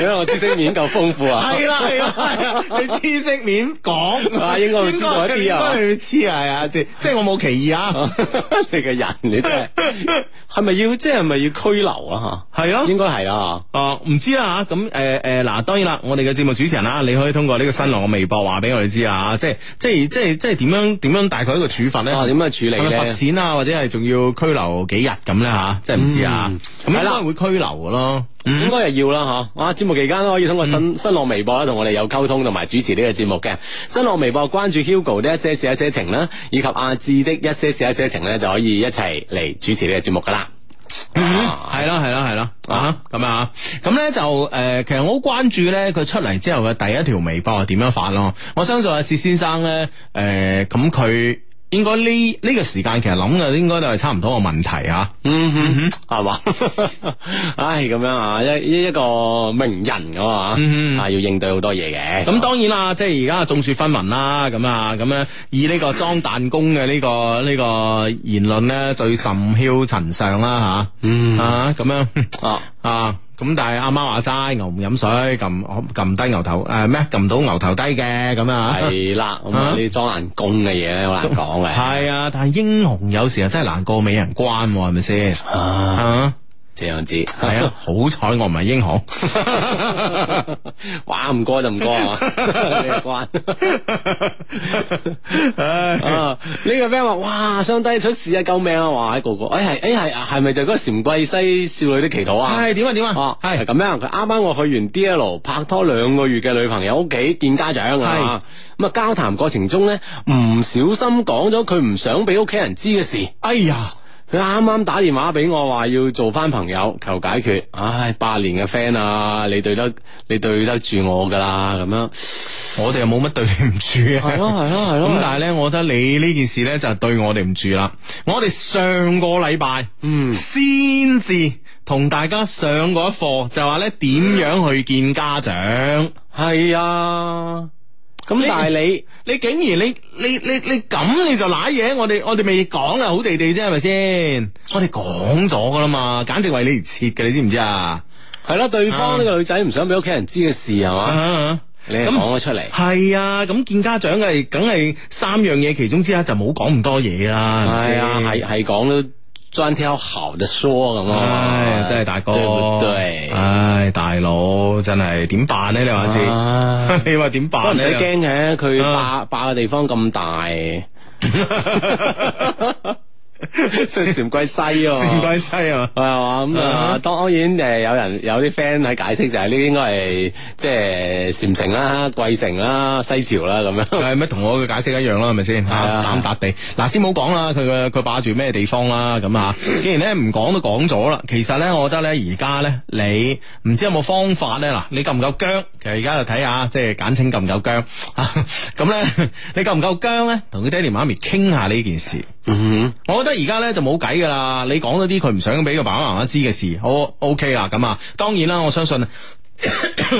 因 *laughs* 為我知識面夠豐富啊！係啦係啦係啊！你知識面廣啊，應該會知道一啲啊。黐係啊，即係即係我冇歧義啊！你個人你真係係咪要即係咪要拘留啊？吓，係咯，應該係啊。哦、呃，唔知啦吓。咁誒誒，嗱，當然啦，我哋嘅節目主持人啦，你可以通過呢個新浪嘅微博話俾我哋知啊。即係即係即係即係點樣點樣？樣大概一個處罰咧，點、啊、樣處理咧？罰錢啊，或者係仲要拘留幾日咁咧？吓、啊？真係唔知啊，咁、嗯、應該會拘留噶咯，嗯、應該係要啦吓。啊，節目期間咧可以通過新、嗯、新浪微博咧同我哋有溝通，同埋主持呢個節目嘅。新浪微博關注 Hugo 的一些事一些情啦，以及阿志的一些事一些情咧，就可以一齊嚟主持呢個節目噶啦。係啦係啦係啦啊，咁啊，咁咧就誒、呃，其實我好關注咧，佢出嚟之後嘅第一條微博係點樣發咯。我相信阿薛先生咧，誒、呃，咁、呃、佢。呃應該呢呢個時間其實諗嘅應該都係差唔多個問題啊，嗯哼嗯哼，係嘛是吧？ *laughs* 唉，咁樣啊，一一個名人噶啊、嗯、哼要應對好多嘢嘅。咁、嗯、哼當然啦，即係而家眾說紛紜啦，咁啊，咁樣，樣以呢個裝彈弓嘅呢個呢、這個言論咧，最甚囂塵上啦吓，嗯哼啊，咁樣啊啊。啊咁但係阿媽話齋，牛唔飲水，撳撳低牛頭誒咩？撳、呃、到牛頭低嘅咁啊！係啦，咁你莊難攻嘅嘢啦，咁講嘅係啊！但係英雄有時候真係難過美人關，係咪先啊？啊這樣子係 *laughs* *laughs* 啊，好彩我唔係英雄，話唔過就唔過啊嘛，關呢個 friend 話：，哇，上帝出事啊，救命啊！話一個個，哎係，哎係，係、哎、咪、哎哎、就嗰個禪桂西少女的祈禱啊？係點啊點啊？哦、啊，係咁、啊、是樣，佢啱啱我去完 D L 拍拖兩個月嘅女朋友屋企見家長是啊，咁啊交談過程中咧，唔小心講咗佢唔想俾屋企人知嘅事，哎呀！啱啱打電話俾我話要做翻朋友求解決，唉，八年嘅 friend 啊，你對得你對得住我噶啦，咁樣 *coughs* 我哋又冇乜對唔住，係咯係咯係咯。咁、啊啊、但係咧，我覺得你呢件事咧就對我哋唔住啦。我哋上個禮拜嗯先至同大家上過一課，就話咧點樣去見家長，係啊。咁但係你你竟然你你你你咁你，你就瀨嘢，我哋我哋未講啦好地地，啫係咪先？是是 *music* 我哋講咗噶啦嘛，簡直為你而設嘅你知唔知啊？係咯，對方呢、啊、個女仔唔想俾屋企人知嘅事係嘛？你講咗出嚟，係啊，咁吧、啊、見家長係梗係三樣嘢其中之一就冇講咁多嘢啦。係啊，係係講咯。專挑好嘅說咁咯，哎、真係大哥，對，對，唉、哎、大佬真係點辦呢？哎、你話知，你話點辦？你驚嘅，佢霸霸嘅地方咁大。 *laughs* *laughs* 即係禪桂西喎，禪桂西係嘛，係嘛咁啊！啊嗯、當然誒，有人有啲 friend 喺解釋就係呢，啲應該係即係禪城啦、桂城啦、西樵啦咁樣，係乜同我嘅解釋一樣啦，係咪先？三笪地嗱，先唔好講啦，佢嘅佢霸住咩地方啦？咁啊，既然咧唔講都講咗啦，其實咧，我覺得咧而家咧，你唔知有冇方法咧？嗱，你夠唔夠薑？其實而家就睇下，即係簡稱夠唔夠薑。咁、啊、咧，你夠唔夠薑咧？同佢爹哋媽咪傾下呢件事。嗯、我覺得而家咧就冇計噶啦，你講咗啲佢唔想俾個爸爸媽媽知嘅事，好 OK 啦。咁啊，當然啦，我相信， *coughs*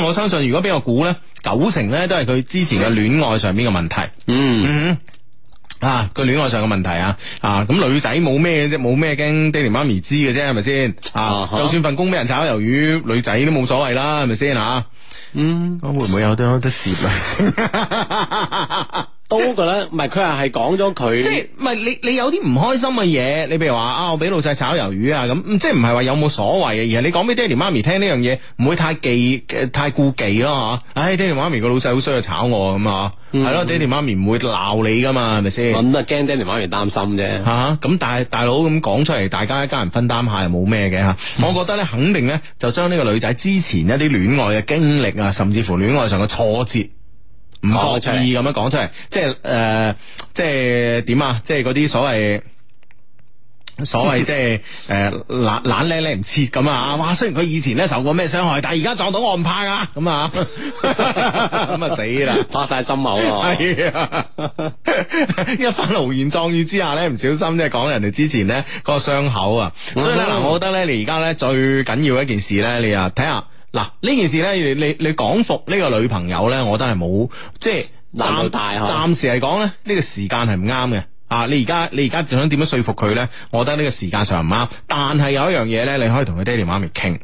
我相信如果俾我估咧，九成咧都係佢之前嘅戀愛上邊嘅問題。嗯，嗯、啊，啊個戀愛上嘅問題啊啊哈，咁女仔冇咩啫，冇咩驚爹哋媽咪知嘅啫，係咪先啊？就算份工俾人炒魷魚，女仔都冇所謂啦，係咪先啊？嗯，會唔會有啲啲事啊？都覺得唔係，佢係係講咗佢即係唔係你你有啲唔開心嘅嘢，你譬如話啊，我俾老細炒魷魚啊咁，即係唔係話有冇所謂嘅，而係你講俾爹哋媽咪聽呢樣嘢，唔會太忌太顧忌咯嚇。唉、哎，爹哋媽咪個老細好衰啊，炒我咁啊，係咯，爹哋媽咪唔會鬧你噶嘛，係咪先？咁都係驚爹哋媽咪擔心啫嚇。咁大大佬咁講出嚟，大家一家人分擔下又冇咩嘅嚇。啊嗯、我覺得咧，肯定咧就將呢個女仔之前一啲戀愛嘅經歷啊，甚至乎戀愛上嘅挫折。唔覺意咁樣講出嚟，即係誒、呃，即係點啊？即係嗰啲所謂所謂即係誒，懶懶咧咧唔切咁啊！哇，雖然佢以前咧受過咩傷害，但係而家撞到我唔怕噶，咁啊，咁 *laughs* 啊 *laughs* 死啦，花晒心口咯，係啊！一番豪言壯語之下咧，唔小心即係講人哋之前咧個傷口啊， *laughs* 所以咧嗱，我覺得咧你而家咧最緊要一件事咧，你啊睇下。嗱，呢件事咧，你你你講服呢個女朋友咧，我覺得係冇即係暫暫時嚟講咧，呢個時間係唔啱嘅。啊，你而家你而家仲想點樣說服佢咧？我覺得呢個時間上唔啱。但係有一樣嘢咧，你可以同佢爹哋媽咪傾。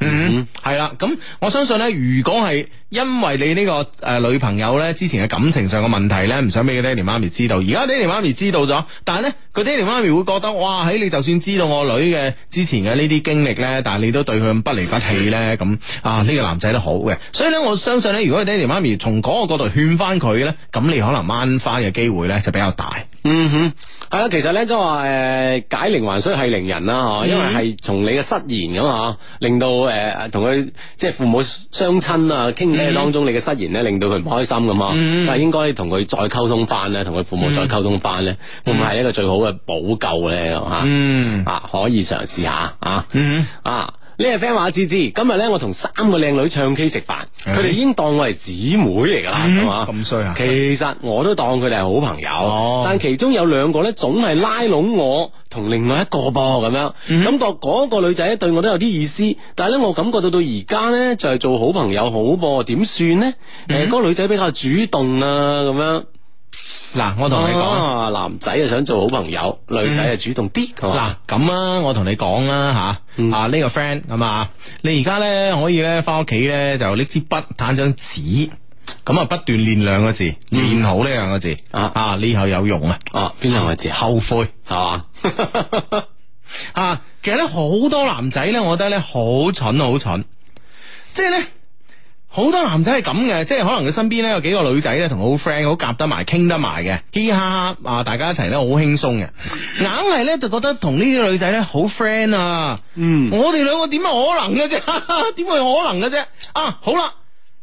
嗯，係啦，咁我相信呢，如果係因為你呢、這個誒、呃、女朋友呢，之前嘅感情上嘅問題呢，唔想俾爹哋媽咪知道，而家爹哋媽咪知道咗，但係呢，佢爹哋媽咪會覺得，哇，喺你就算知道我女嘅之前嘅呢啲經歷呢，但係你都對佢不離不棄呢。 *laughs* 」咁啊呢、這個男仔都好嘅，所以呢，我相信呢，如果爹哋媽咪從嗰個角度勸翻佢呢，咁你可能掹翻嘅機會呢，就比較大。嗯哼，係啦，其實咧，即係話誒，解鈴還須繫鈴人啦，吓、嗯，因為係從你嘅失言咁嗬，令到誒同佢即係父母相親啊，傾偈當中，嗯、你嘅失言咧，令到佢唔開心咁嘛，嗯、但應該同佢再溝通翻咧，同佢父母再溝通翻咧，會唔會係一個最好嘅補救咧？吓、嗯，啊，可以嘗試下啊，啊。嗯你阿 friend 話之之，今日咧我同三個靚女唱 K 食飯，佢哋、嗯、已經當我係姊妹嚟噶啦，係嘛、嗯？咁衰啊！其實我都當佢哋係好朋友，哦、但其中有兩個咧，總係拉攏我同另外一個噃咁樣，嗯、感覺嗰個女仔對我都有啲意思，但係咧我感覺到到而家咧就係做好朋友好噃，點算呢？誒、嗯，嗰、呃嗰個女仔比較主動啊，咁樣。嗱，我同你講、啊，男仔啊想做好朋友，嗯、女仔啊主動啲，嗱咁啊，我同你講啦吓，啊呢、啊啊這個 friend 咁啊，你而家咧可以咧返屋企咧就拎支筆攤張紙，咁啊不斷練兩個字，練、嗯、好呢兩個字，啊啊你以後有用啊，哦邊兩個字後悔係嘛，啊， *laughs* 啊其實咧好多男仔咧，我覺得咧好蠢好蠢，即係咧。就是好多男仔係咁嘅，即係可能佢身邊咧有幾個女仔咧，同佢好 friend，好夾得埋，傾得埋嘅，嘻嘻哈哈啊，大家一齊咧好輕鬆嘅。硬係咧就覺得同呢啲女仔咧好 friend 啊，嗯，我哋兩個點可能嘅啫？點 *laughs* 會可能嘅啫？啊，好啦，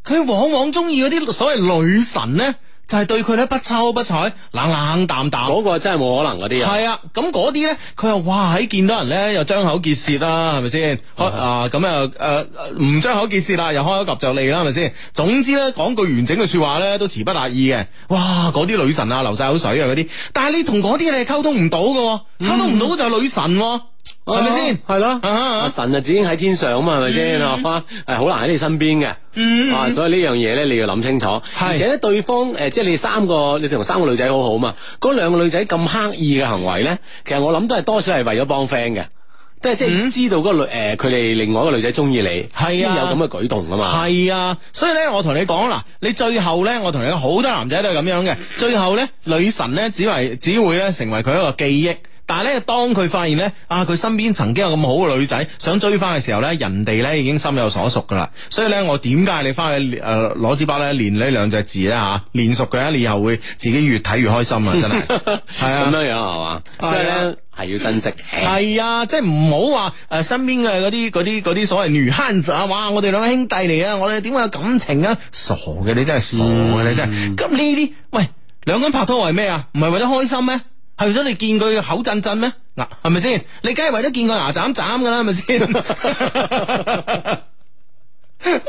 佢往往中意嗰啲所謂女神咧。就係對佢咧不抽不睬，冷冷淡淡。嗰個真係冇可能嗰啲人。係啊，咁嗰啲咧，佢又哇喺見到人咧又張口結舌啦，係咪先？呵呵啊，咁啊誒唔張口結舌啦，又開口及就你啦，係咪先？總之咧講句完整嘅說話咧都詞不達意嘅。哇，嗰啲女神啊流晒口水啊嗰啲，但係你同嗰啲你係溝通唔到㗎，溝、嗯、通唔到就女神、啊。係咪先？係咯，神就只影喺天上是是、嗯、啊嘛，係咪先？係好難喺你身邊嘅、嗯啊，所以呢樣嘢咧你要諗清楚。嗯、而且咧對方誒，是即係你三個，你同三個女仔好好嘛。嗰兩個女仔咁刻意嘅行為咧，其實我諗都係多少係為咗幫 friend 嘅，都係即係知道個誒，佢哋、嗯、另外一個女仔中意你，先、啊、有咁嘅舉動噶嘛。係啊，所以咧我同你講嗱，你最後咧，我同你好多男仔都係咁樣嘅，最後咧女神咧只為只會咧成為佢一個記憶。但係咧，當佢發現咧，啊，佢身邊曾經有咁好嘅女仔想追翻嘅時候咧，人哋咧已經心有所屬噶啦。所以咧，我點解你翻去誒攞支筆咧，練、呃、呢兩隻字咧吓，練、啊、熟佢，你又會自己越睇越開心 *laughs* 啊！真係係啊，咁樣樣係嘛？係要珍惜嘅。係啊，即係唔好話誒，身邊嘅嗰啲嗰啲嗰啲所謂女閪仔啊！哇，我哋兩個兄弟嚟啊，我哋點會有感情啊？傻嘅，你真係傻嘅、嗯、你真係。咁呢啲喂，兩個拍拖為咩啊？唔係為咗開心咩？係咁，是是你見佢口震震咩？嗱、啊，係咪先？你梗係為咗見佢牙斬斬噶啦，係咪先？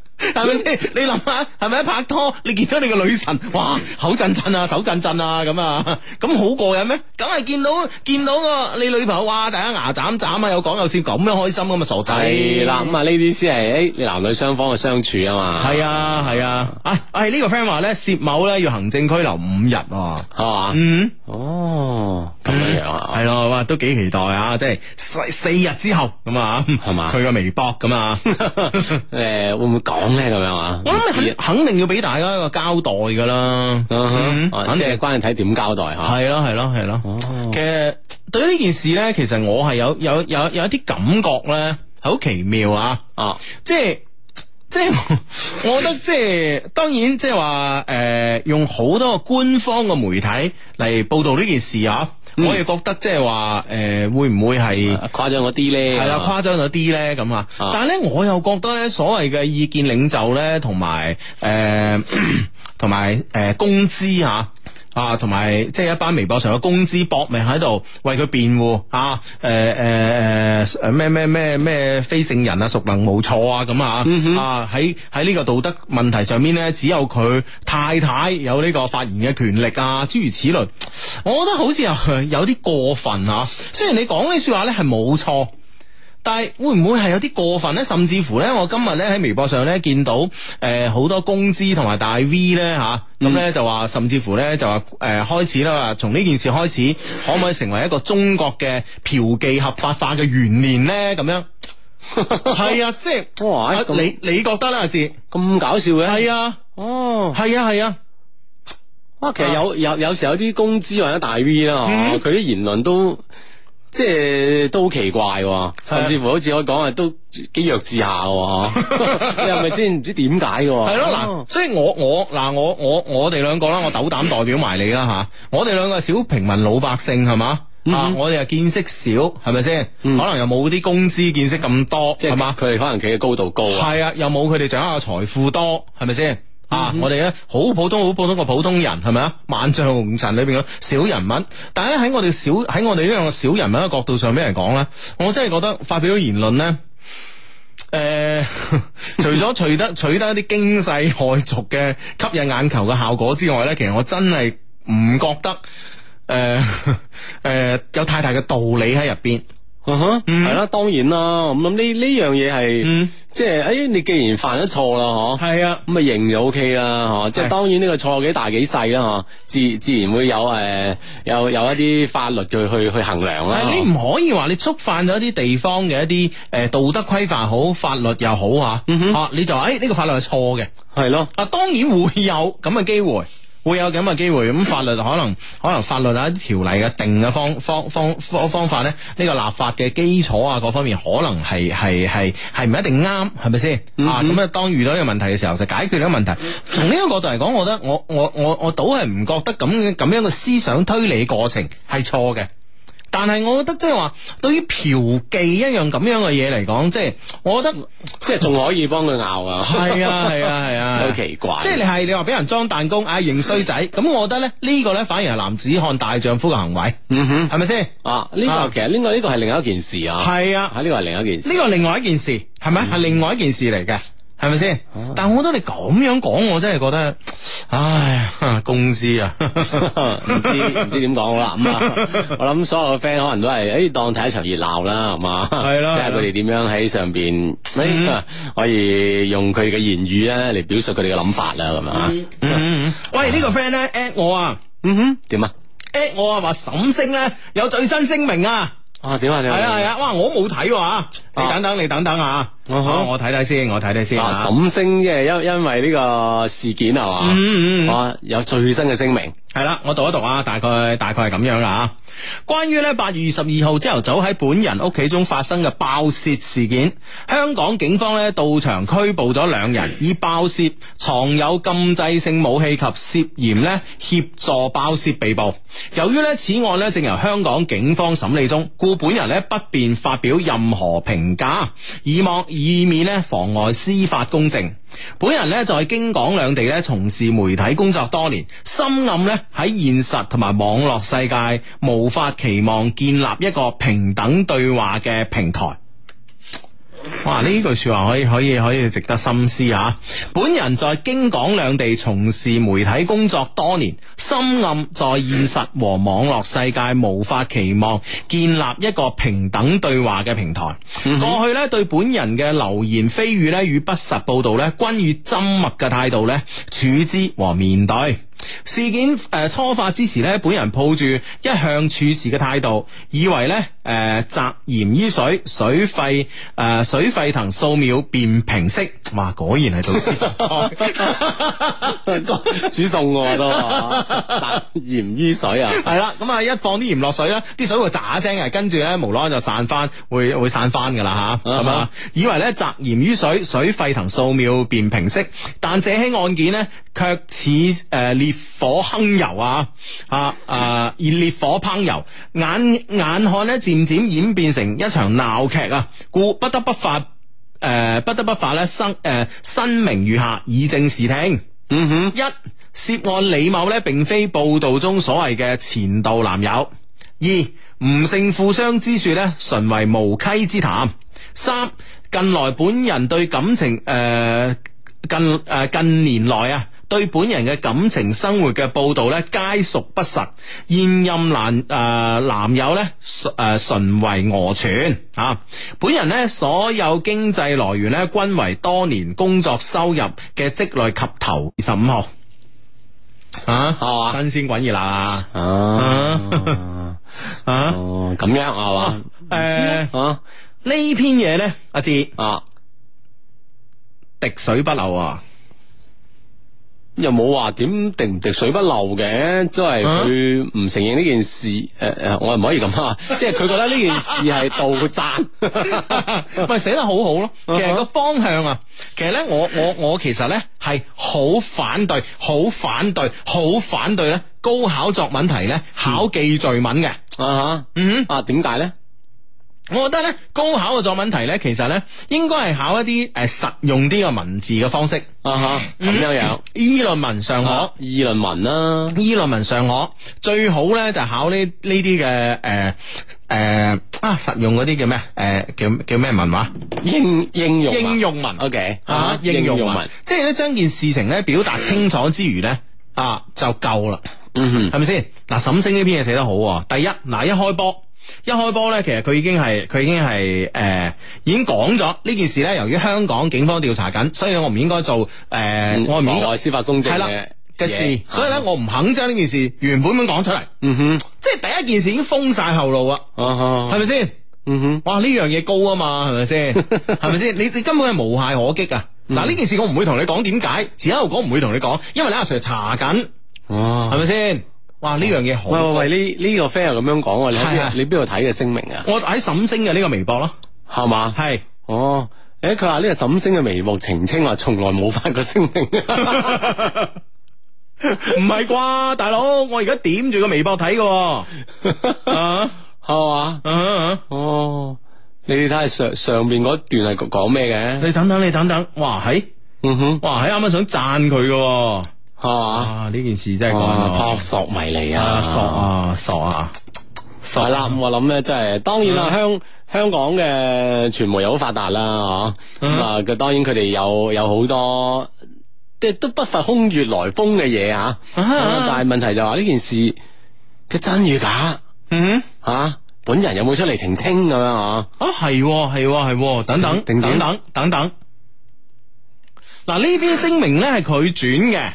*laughs* *laughs* 係咪先？你諗下，係咪拍拖？你見到你個女神，哇，口震震啊，手震震啊，咁啊，咁好過癮咩？梗係見到見到個你女朋友，哇，大家牙斬斬，哎、啊，有講有笑，咁樣開心咁啊，傻仔係啦。咁以啊，呢啲先係誒，男女雙方嘅相處啊嘛。係啊，係啊。啊，我呢個 friend 話咧，薛某咧要行政拘留五日，係嘛？嗯，哦，咁 *noise* 樣 *noise* 啊，係咯，哇，都幾期待啊，即係四日之後咁啊，係嘛？佢個微博咁啊，誒，會唔會講？咁樣嘛？我諗、啊、肯定要俾大家一個交代㗎啦，即係關你睇點交代吓。係咯係咯係咯。哦、其實對呢件事咧，其實我係有有有有一啲感覺咧，好奇妙啊！啊、哦，即係即係，我覺得即係 *laughs* 當然即係話誒，用好多官方嘅媒體嚟報道呢件事啊。我又覺得即係話誒，會唔會係誇張咗啲咧？係啦，誇張咗啲咧咁啊！但係咧，我又覺得咧，所謂嘅意見領袖咧，同埋誒同埋誒公知嚇。呃啊，同埋即係一班微博上嘅公知搏命喺度為佢辯護啊！誒誒誒，咩咩咩咩非聖人啊，孰能無錯啊？咁啊，啊喺喺呢個道德問題上面咧，只有佢太太有呢個發言嘅權力啊！諸如此類，我覺得好似有啲過分啊！雖然你講呢說話咧係冇錯。但係會唔會係有啲過分咧？甚至乎咧，我今日咧喺微博上咧見到誒好多公知同埋大 V 咧吓、嗯，咁咧就話甚至乎咧就話誒開始啦，從呢件事開始，可唔可以成為一個中國嘅嫖妓合法化嘅元年咧？咁樣係啊，即、就、係、是、 *laughs* 哇你樣你覺得咧阿志咁搞笑嘅係啊，啊哦，係啊係啊，啊，啊其實有有有時候有啲公知或者大 V 啦、嗯，佢啲、啊、言論都。即係都好奇怪喎，啊、甚至乎好似我講啊，都幾弱智下喎， *laughs* *laughs* 你係咪先？唔知點解嘅喎。係咯、啊，嗱、啊，所以我我嗱我我我哋兩個啦，我斗膽代表埋你啦吓、啊，我哋兩個係小平民老百姓係嘛、嗯、啊，我哋又見識少係咪先？嗯、可能又冇啲工資見識咁多係嘛？佢哋是吧可能企嘅高度高、啊，係啊，又冇佢哋掌握嘅財富多係咪先？啊！嗯、哼我哋咧好普通、好普通個普通人，係咪啊？萬丈紅塵裏邊嘅小人物，但係咧喺我哋小喺我哋呢兩個小人物嘅角度上，俾人講咧，我真係覺得發表咗言論咧，誒、呃，除咗除得取得一啲驚世駭俗嘅吸引眼球嘅效果之外咧，其實我真係唔覺得誒誒、呃呃、有太大嘅道理喺入邊。Uh huh. 嗯哼，係 *noise* 啦，當然啦。咁諗呢呢樣嘢係，即係誒，你既然犯咗錯啦，嗬是、啊嗯，係、OK 嗯、是啊，咁啊認就 O K 啦，嗬。即係當然呢個錯幾大幾細啦，嗬，自自然會有誒、呃，有有一啲法律去去去衡量啦。但係是、啊嗯、你唔可以話你觸犯咗一啲地方嘅一啲誒道德規範好，法律又好吓，吓、嗯、哼 你就話誒呢、哎這個法律係錯嘅，係咯。啊，當然會有咁嘅機會。會有咁嘅機會，咁法律可能可能法律啊一條例嘅定嘅方方方方方法咧，呢個立法嘅基礎啊各方面可能係係係係唔一定啱，係咪先？嗯、哼啊，咁啊當遇到呢個問題嘅時候就解決呢個問題。從呢個角度嚟講，我覺得我我我我倒係唔覺得咁嘅咁樣嘅思想推理過程係錯嘅。但係我覺得即係話對於嫖妓一樣咁樣嘅嘢嚟講，即、就、係、是、我覺得即係仲可以幫佢拗啊！係啊係啊係啊，好奇怪、啊！即係、啊啊啊、 *laughs* 你係你話俾人裝彈弓，唉認衰仔，咁 *laughs* 我覺得咧呢個咧反而係男子漢大丈夫嘅行為，係咪先啊？呢、這個、啊、其實呢個呢個係另外一件事啊！係啊，呢、啊這個係另外一、啊、一件事，呢個、嗯、另外一件事係咪？係另外一件事嚟嘅。係咪先？但係我覺得你咁樣講，我真係覺得，唉，工資啊，唔知唔知點講好啦。咁啊，我諗所有嘅 friend 可能都係，誒，當睇一場熱鬧啦，係嘛？係啦，睇下佢哋點樣喺上邊，可以用佢嘅言語咧嚟，表述佢哋嘅諗法啦，係嘛？喂，呢個 friend 咧 at 我啊，嗯哼，點啊？at 我啊，話沈星咧有最新聲明啊。哦，點啊你？係啊係啊。哇，我冇睇啊，你等等你等等啊。Uh huh. 我睇睇先，我睇睇先。沈、啊、星即係因因為呢個事件，嗯嗯，啊嘛，啊有最新嘅聲明係啦，我讀一讀啊，大概大概係咁樣啊。關於咧八月二十二號朝頭早喺本人屋企中發生嘅爆竊事件，香港警方呢到場拘捕咗兩人，以爆竊藏有禁制性武器及涉嫌咧協助爆竊被捕。由於咧此案咧正由香港警方審理中，故本人呢不便發表任何評價，以望。以免咧妨礙司法公正，本人咧在京港兩地咧從事媒體工作多年，深諳咧喺現實同埋網絡世界，無法期望建立一個平等對話嘅平台。哇！呢句說話可以可以可以值得深思啊！本人在京港兩地從事媒體工作多年，深諳在現實和網絡世界，無法期望建立一個平等對話嘅平台。Mm hmm. 過去咧，對本人嘅流言蜚語咧與不實報道咧，均以沉默嘅態度咧處之和面對。事件誒初發之時咧，本人抱住一向處事嘅態度，以為咧誒，澤鹽於水，水沸誒、呃，水沸騰數秒便平息。哇，果然係做錯，煮餸嘅都澤鹽於水啊，係啦，咁啊,啊,啊，一放啲鹽落水咧，啲水會炸聲嘅，跟住咧無啦啦就散翻，會會散翻嘅啦吓，係嘛？以為咧澤鹽於水，水沸騰數秒便平息，但這起案件呢，卻似誒。呃呃烈火烹油啊！啊啊！而烈火烹油，眼眼看呢漸漸演變成一場鬧劇啊！故不得不發，誒、呃，不得不發呢。聲誒聲明如下，以正視聽。嗯哼，一涉案李某呢，並非報道中所謂嘅前度男友；二吳姓富商之說呢，純為無稽之談；三近來本人對感情，誒、呃、近誒近年來啊。對本人嘅感情生活嘅報道咧，皆屬不實。現任男誒男友咧，誒、呃、純為訛傳啊！本人咧，所有經濟來源咧，均為多年工作收入嘅積累及頭。二十五號啊，係嘛？新鮮滾熱啦！啊啊哦，咁樣係嘛？誒啊呢篇嘢咧，阿志啊，滴水不漏啊！又冇話點滴唔滴水不漏嘅，即係佢唔承認呢件事。誒誒、啊呃，我係唔可以咁啊，即係佢覺得呢件事係杜撰。咪寫得好好咯。其實個方向啊，其實咧，我我我其實咧係好反對，好反對，好反對咧，高考作文題咧考記敘文嘅。啊，嗯，啊，點解咧？啊我覺得咧，高考嘅作文題咧，其實咧應該係考一啲誒、呃、實用啲嘅文字嘅方式啊吓，咁又有議論、嗯、文上學議論文啦，議論文上學最好咧就是、考呢呢啲嘅誒誒啊實用嗰啲叫咩誒、呃、叫叫咩文話應應用應用文 O K 啊應用文，用文用文即係咧將件事情咧表達清楚之餘咧啊就夠啦，係咪先？嗱、hmm. 沈星呢篇嘢寫得好，第一嗱一,一,一,一,一開波。一開波咧,其實佢已經係佢已經係誒，已經講咗呢件事咧。由於香港警方調查緊，所以我唔應該做誒，妨礙司法公正嘅嘅事。所以咧，我唔肯將呢件事原本咁講出嚟。嗯哼，即係第一件事已經封晒後路啊。啊係咪先？嗯哼，哇，呢樣嘢高啊嘛，係咪先？係咪先？你你根本係無懈可擊啊！嗱，呢件事我唔會同你講點解，而喺度講唔會同你講，因為你阿 Sir 查緊。哦，係咪先？哇！呢樣嘢好，喂喂喂！呢呢個 friend 又咁樣講，可以可以啊、你邊你邊度睇嘅聲明啊？我喺沈星嘅呢個微博咯，係嘛？係哦，誒，佢話呢個沈星嘅微博澄清話，從來冇發過聲明，唔係啩，大佬？我而家點住個微博睇㗎，係嘛、啊？嗯哦、啊，啊啊、 你睇下上上邊嗰段係講咩嘅？你等等你等等，哇！係、欸，嗯哼，哇！係啱啱想讚佢㗎。啊！呢、啊、件事真係撲朔迷離啊！索啊！索啊！係啦、啊，咁、啊嗯、我諗咧，真係當然啦，香、啊、香港嘅傳媒又好發達啦，嗬。咁啊，佢、啊、當然佢哋有有好多，即係都不乏空穴來風嘅嘢吓。啊啊啊、但係問題就話、是、呢件事佢真與假，嗯吓哼、啊，本人有冇出嚟澄清咁樣嗬？啊係，係、啊，係，等等，等等，等等。嗱，呢、啊、邊，邊聲明咧係佢轉嘅。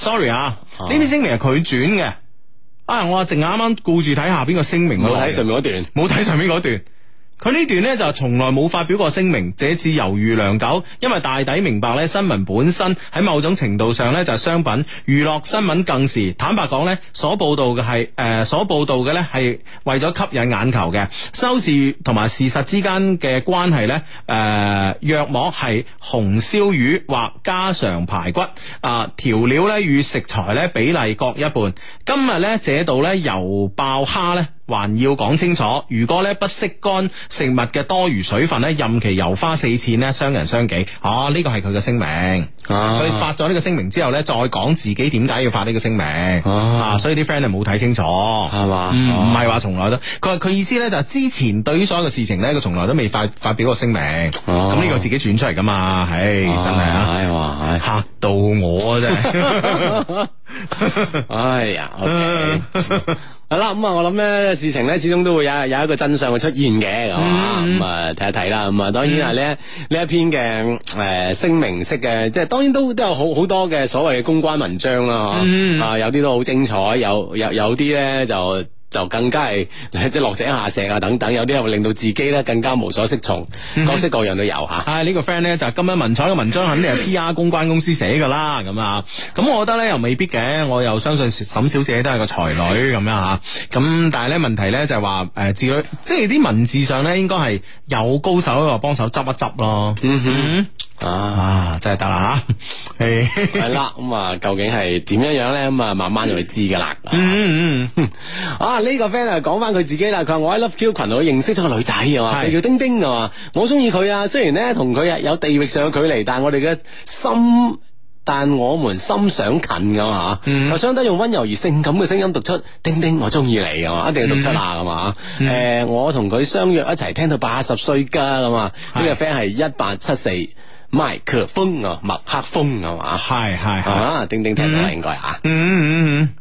sorry 啊，呢啲聲明係佢轉嘅，啊、哎、我啊淨係啱啱顧住睇下邊個聲明，冇睇上面嗰段，冇睇上面嗰段。佢呢段呢就係從來冇發表過聲明，這次猶豫良久，因為大抵明白呢新聞本身喺某種程度上呢就係商品，娛樂新聞更是坦白講呢所報導嘅係誒所報導嘅呢係為咗吸引眼球嘅，收視同埋事實之間嘅關係呢誒，約莫係紅燒魚或家常排骨啊、呃，調料呢與食材呢比例各一半，今日呢，這道呢油爆蝦呢。還要講清楚，如果咧不釋乾食物嘅多餘水分咧，任其油花四濺呢，傷人傷己。啊，呢個係佢嘅聲明。佢、啊、發咗呢個聲明之後咧，再講自己點解要發呢個聲明。啊，啊，所以啲 friend 係冇睇清楚，係嘛吧？唔係話從來都，佢話佢意思咧就係之前對於所有嘅事情咧，佢從來都未發發表過聲明。咁呢、啊、個自己轉出嚟㗎嘛？唉、哎，真係啊，吓、啊啊哎、到我啊，真係。哎呀，OK。Okay. 好啦，咁啊、嗯，我諗咧事情咧，始終都會有有一個真相嘅出現嘅，係嘛？咁啊睇一睇啦，咁啊，當然係咧呢一篇嘅誒聲明式嘅，即係當然都都有好好多嘅所謂嘅公關文章啦，啊、嗯、有啲都好精彩，有有有啲咧就。就更加係即係落井下石啊等等，有啲又令到自己咧更加無所適從，各式各樣都有吓。係 *laughs* 呢個 friend 咧就係，今日文采嘅文章肯定係 P R 公關公司寫噶啦，咁啊咁，我覺得咧又未必嘅，我又相信沈小姐都係個才女咁樣吓，咁但係咧問題咧就係話誒自己即係啲文字上咧應該係有高手喺度幫手執一執咯。嗯哼、mm。Hmm. 啊，真係得啦吓，係係啦，咁啊，究竟係點樣樣咧？咁啊，慢慢就會知噶啦。嗯嗯嗯，啊呢個 friend 啊，講翻佢自己啦，佢話我喺 Love Q 群度認識咗個女仔，係嘛，叫丁丁，啊嘛，我中意佢啊。雖然咧同佢有地域上嘅距離，但係我哋嘅心，但我們心想近噶嘛。佢想得用溫柔而性感嘅聲音讀出：丁丁，我中意你，咁嘛，一定要讀出啊，咁啊。誒，我同佢相約一齊聽到八十歲噶，咁啊，呢個 friend 係一八七四。麥克風啊，麥克風係嘛？係係啊，丁丁聽到啦，應該啊。嗯。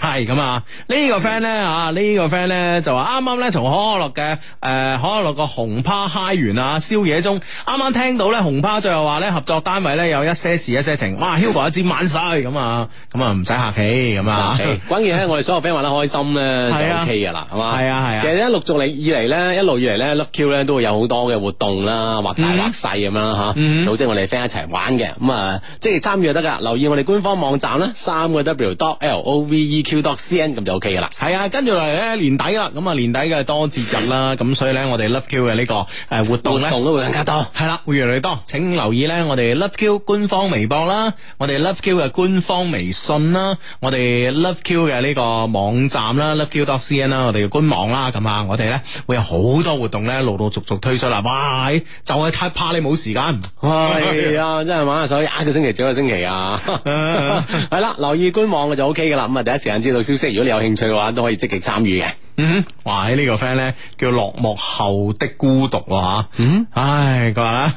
係咁啊！呢個、呢、呢個 friend 咧啊，剛剛呢個 friend 咧就話啱啱咧從可口可樂嘅誒、呃、可口可樂個紅趴嗨完啊，宵夜中啱啱聽到咧紅趴，最後話咧合作單位咧有一些事一些情，哇 h u g b 一之晚晒咁啊，咁啊唔使客氣咁啊。Okay, 關鍵咧，我哋所有 friend 玩得開心咧就 OK 噶啦，係嘛？係啊，係啊。其實咧陸續嚟以嚟咧，一路以嚟咧，Love Q 咧都會有好多嘅活動啦，或大或細咁樣吓，組織、嗯嗯、我哋 friend 一齊玩嘅咁啊，即係參與得噶，留意我哋官方網站咧，三個 W dot L O V E。Qdoccn 咁就 OK 噶啦，係啊，跟住落嚟咧年底啦，咁啊年底嘅多節日啦，咁所以咧我哋 Love Q 嘅呢個誒活動咧，都會更加多，係啦、啊，會越嚟越多，請留意咧我哋 Love Q 官方微博啦，我哋 Love Q 嘅官方微信啦，我哋 Love Q 嘅呢個網站啦 *laughs* ，Love Qdoccn 啦，我哋嘅官網啦，咁啊我哋咧會有好多活動咧陸陸續續推出啦，哇，就係、是、太怕你冇時間，係啊，真係玩下手一個星期整個星期啊，係啦，留意官網就 OK 噶啦，咁啊第一時。知道消息，如果你有興趣嘅話，都可以積極參與嘅。嗯，哇！這個、呢個 friend 咧，叫《落寞後的孤獨》啊，吓，嗯，唉，佢話啦，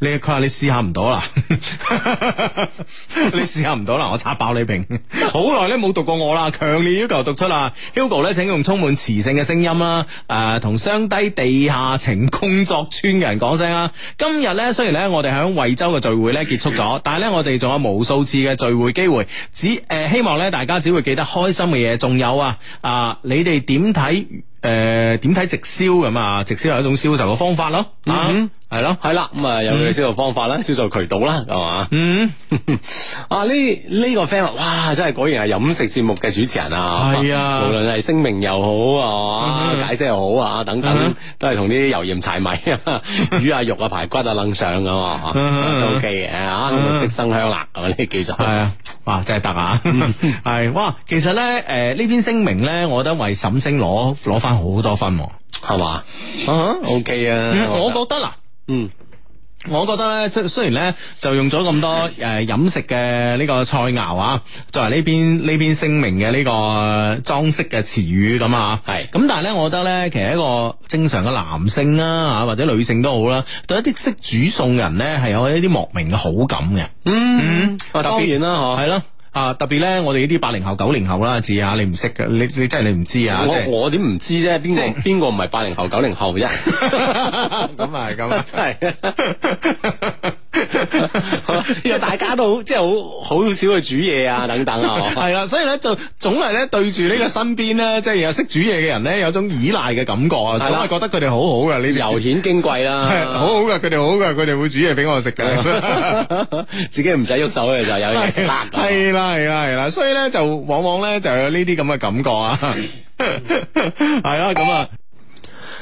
你佢話你試下唔到啦，你試下唔到啦，我插爆你瓶，好耐咧冇讀過我啦，強烈要求讀出啦，Hugo 咧，請用充滿磁性嘅聲音啦，誒、呃，同雙低地下情工作村嘅人講聲啊，今日咧雖然咧我哋響惠州嘅聚會咧結束咗， *laughs* 但係咧我哋仲有無數次嘅聚會機會，只誒、呃、希望咧大家只會記得開心嘅嘢，仲有啊啊、呃呃，你哋點？睇誒點睇直銷咁啊？直銷係一種銷售嘅方法咯，啊！係咯，係啦，咁啊有佢嘅銷售方法啦，銷售渠道啦，係嘛？嗯，啊呢呢個 friend 哇真係果然係飲食節目嘅主持人啊！係啊，無論係聲明又好啊，解釋又好啊，等等都係同啲油鹽柴米啊魚啊、肉啊、排骨啊楞上咁嘛。都 OK 嘅啊，咁色生香辣咁啊，呢叫做係啊，哇真係得啊！係哇，其實咧誒呢篇聲明咧，我覺得為沈星攞攞翻好多分，係嘛？啊 OK 啊，我覺得啊。嗯，我覺得咧，雖然咧就用咗咁多誒飲食嘅呢個菜餚啊，作為呢篇呢篇聲明嘅呢個裝飾嘅詞語咁啊，係，咁但係咧，我覺得咧，其實一個正常嘅男性啦啊，或者女性都好啦，對一啲識煮餸嘅人咧，係有一啲莫名嘅好感嘅。嗯，當然啦，嗬、啊，係咯、啊。啊！特別咧，我哋呢啲八零後、九零後啦，字啊，你唔識㗎，你你真係你唔知啊！我我點唔知啫？邊個邊、就是、個唔係八零後、九零後啫？咁啊，咁啊，真係的是。 *laughs* *laughs* 即 *laughs* 係大家都即係好好少去煮嘢啊，等等啊，係、哦、啦， *laughs* 所以咧就總係咧對住呢個身邊咧，即、就、係、是、有識煮嘢嘅人咧，有種依賴嘅感覺啊，總係覺得佢哋好好噶，呢啲油顯矜貴啦，好好噶，佢哋好噶，佢哋會煮嘢俾我食嘅，自己唔使喐手嘅就有人食啦，係啦係啦係啦，所以咧就往往咧就有呢啲咁嘅感覺啊，係咯咁啊。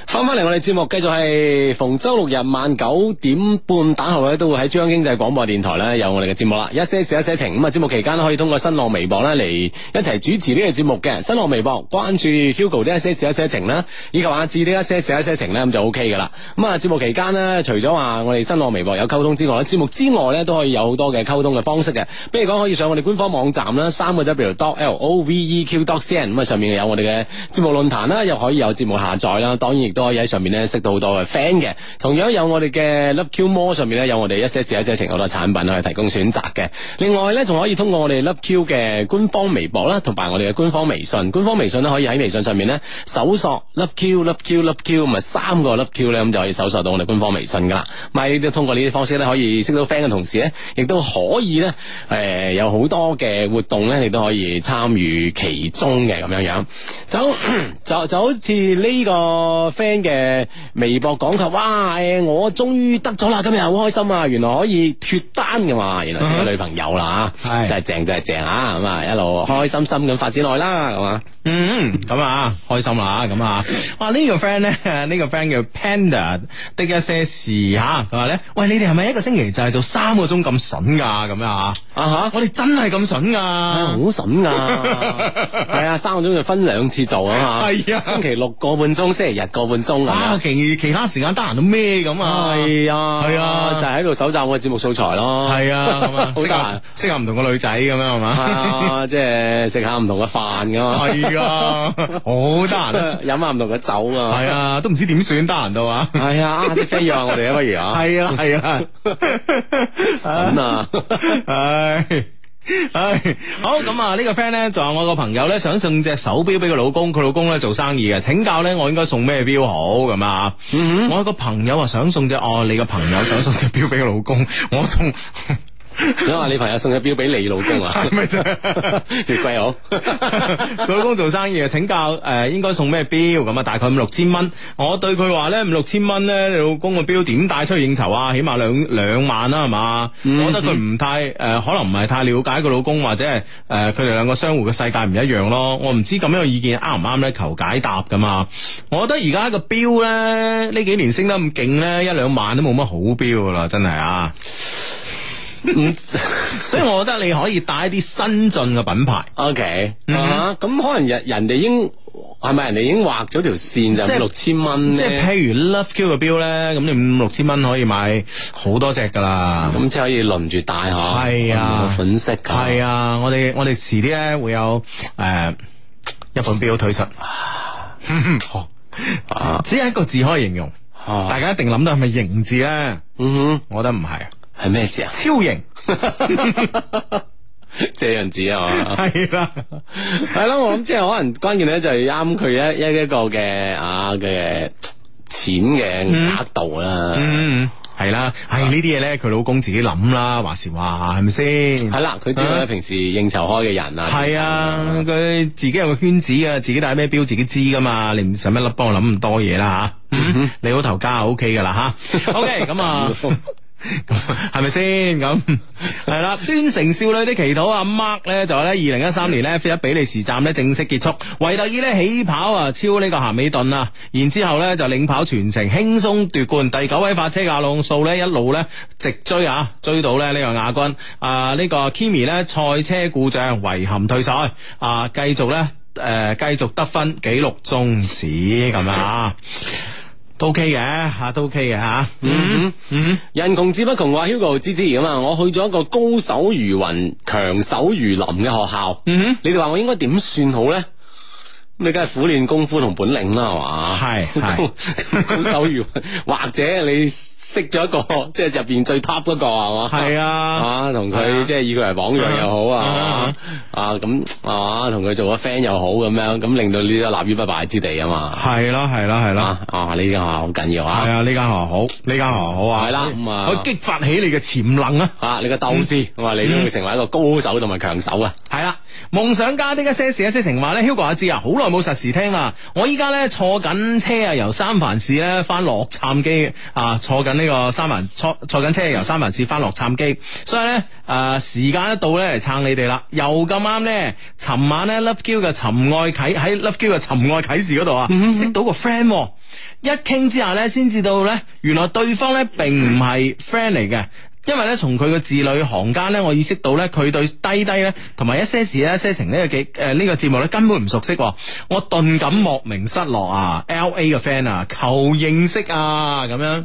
翻翻嚟我哋節目，繼續係逢周六日晚九點半打後咧，都會喺中央經濟廣播電台咧有我哋嘅節目啦。一些事一些情，咁啊節目期間咧可以通過新浪微博咧嚟一齊主持呢個節目嘅。新浪微博關注 Hugo 的一些事一些情啦，以及阿志的一些事一些情咧咁就 O K 嘅啦。咁啊節目期間呢，除咗話我哋新浪微博有溝通之外咧，節目之外咧都可以有好多嘅溝通嘅方式嘅。比如講可以上我哋官方網站啦，三個 W dot L O V E Q dot C N 咁啊上面有我哋嘅節目論壇啦，又可以有節目下載啦，當然多喺上面咧識到好多嘅 friend 嘅，同樣有我哋嘅 Love Q More 上面，咧有我哋一些事一些情好多產品可以提供選擇嘅。另外咧仲可以通過我哋 Love Q 嘅官方微博啦，同埋我哋嘅官方微信。官方微信咧可以喺微信上面咧搜索 Love Q Love Q Love Q，咁啊三個 Love Q 咧咁就可以搜索到我哋官方微信噶啦。咪都通過呢啲方式咧可以識到 friend 嘅同時咧，亦都可以咧誒、呃、有好多嘅活動咧，亦都可以參與其中嘅咁樣樣。就 *coughs* 就就好似呢個。嘅微博講及，哇！我終於得咗啦，今日好開心啊！原來可以脫單㗎嘛，原來成咗女朋友啦吓，真係正真係正吓咁啊！一路開開心心咁發展耐啦，咁、就是、啊，嗯咁啊、嗯嗯，開心啦咁啊、嗯！哇，呢個、呢、呢個 friend 咧、呃，呢個 friend 叫 Panda 的，一些事吓，佢話咧，喂，你哋係咪一個星期就係做三個鐘咁筍噶？咁樣吓啊吓，呃、啊我哋真係咁筍噶，好筍噶，係、呃、 *laughs* 啊，三個鐘就分兩次做啊嘛，係 *laughs* 啊，星期六個半鐘，星期日個半鐘。啊，其其他時間得閒到咩咁啊？係啊，係啊，就喺度搜集我嘅節目素材咯。係啊，好得閒適合唔同嘅女仔咁樣係嘛，即係食下唔同嘅飯噶嘛。係啊，好得閒啊，飲下唔同嘅酒啊。係啊，都唔知點算得閒到啊。係啊，即係一樣我哋啊，不如啊。係啊，係啊。神啊，唉。唉， *laughs* 好咁啊！呢個 friend 咧，就話我個朋友咧，想送隻手錶俾佢老公，佢老公咧做生意嘅，請教咧，我應該送咩表好咁啊？嗯嗯，我有一個朋友啊，想送隻哦，你個朋友想送隻表俾佢老公，我送。 *laughs* 想話你朋友送隻表俾你老公啊？唔係啫，越貴好。 *laughs* 佢老公做生意啊，請教誒、呃，應該送咩表咁啊？大概五六千蚊。我對佢話咧，五六千蚊咧，你老公個表點帶出去應酬啊？起碼兩兩萬啦，係、嗯哼呃呃、嘛？我覺得佢唔太誒，可能唔係太了解佢老公，或者係誒，佢哋兩個相互嘅世界唔一樣咯。我唔知咁樣嘅意見啱唔啱咧？求解答噶嘛？我覺得而家個表咧，呢幾年升得咁勁咧，一兩萬都冇乜好表噶啦，真係啊！嗯， *laughs* 所以我覺得你可以帶一啲新進嘅品牌。O K，咁可能人人哋已經係咪人哋已經畫咗條線、嗯、就 6, 即係是六千蚊？即係譬如 Love Q 嘅表咧，咁你五六千蚊可以買好多隻噶啦，咁、嗯、即係可以輪住帶。係啊，粉色。係啊，我哋我哋遲啲咧會有誒、啊、一款表推出。 *laughs* 哦，只係一個字可以形容，啊、大家一定諗到係咪型字咧？Mm hmm. 我覺得唔係。係咩事啊？超型 帥， *laughs* *laughs* 這樣子啊嘛，係啦，係啦，我諗即係可能關鍵咧就係啱佢一一一個嘅啊嘅錢嘅額度啦、嗯，嗯，係啦、啊，係、哎、呢啲嘢咧，佢老公自己諗啦，話時話係咪先？係啦，佢知道咧，平時應酬開嘅人啊，係啊，佢自己有個圈子啊，自己戴咩表自己知噶嘛，你唔使乜粒幫我諗咁多嘢啦吓、啊，你老頭家係 O K 噶啦吓，O K 咁啊。Okay, *laughs* 係咪先咁？係啦 *laughs* 不是， *laughs* 端城少女的祈禱阿 Mark 咧就話咧，二零一三年呢，F1 比利時站呢正式結束，維特爾呢起跑啊，超呢個咸美頓啊，然之後咧就領跑全程，輕鬆奪冠，第九位發車阿隆素呢一路呢直追啊，追到咧呢、這個亞軍啊，呃這個、呢個 Kimi 呢賽車故障遺憾退賽啊、呃，繼續咧誒、呃、繼續得分紀錄終止咁啊。都 OK 嘅吓，都 OK 嘅吓。嗯哼嗯哼，人窮志不窮，話 Hugo 之之咁啊！我去咗一個高手如雲、強手如林嘅學校。嗯哼，你哋話我應該點算好咧？你梗係苦練功夫同本領啦，係嘛？係，係，高手如雲， *laughs* 或者你。識咗一個即係入邊最 top 嗰個係嘛？係啊，啊同佢即係以佢為榜樣又好啊，啊咁係同佢做咗 friend 又好咁樣，咁令到呢啲立於不敗之地啊嘛，係啦係啦係啦，啊呢間學好緊要啊，係啊呢間學好，呢間學好啊，係啦咁啊，去激發起你嘅潛能啊，吓你嘅鬥士，我話你都會成為一個高手同埋強手啊，係啦，夢想家啲一些事一些情話咧，Hugo 阿志啊，好耐冇實時聽啦，我依家咧坐緊車啊，由三藩市咧翻洛杉磯啊，坐緊。呢個三藩坐坐緊車由三藩市返洛杉磯，所以呢，誒、呃、時間一到咧，嚟撐你哋啦！又咁啱呢，尋晚呢 Love Q 嘅尋愛啟喺 Love Q 嘅尋愛啟事嗰度啊，嗯、哼哼識到個 friend，、哦、一傾之下呢，先知道呢，原來對方呢並唔係 friend 嚟嘅，因為呢，從佢嘅字裏行間呢，我意識到呢，佢對低低咧同埋一些事一些情呢個幾誒呢個節目咧根本唔熟悉、哦，我頓感莫名失落啊！LA 嘅 friend 啊，求認識啊，咁樣。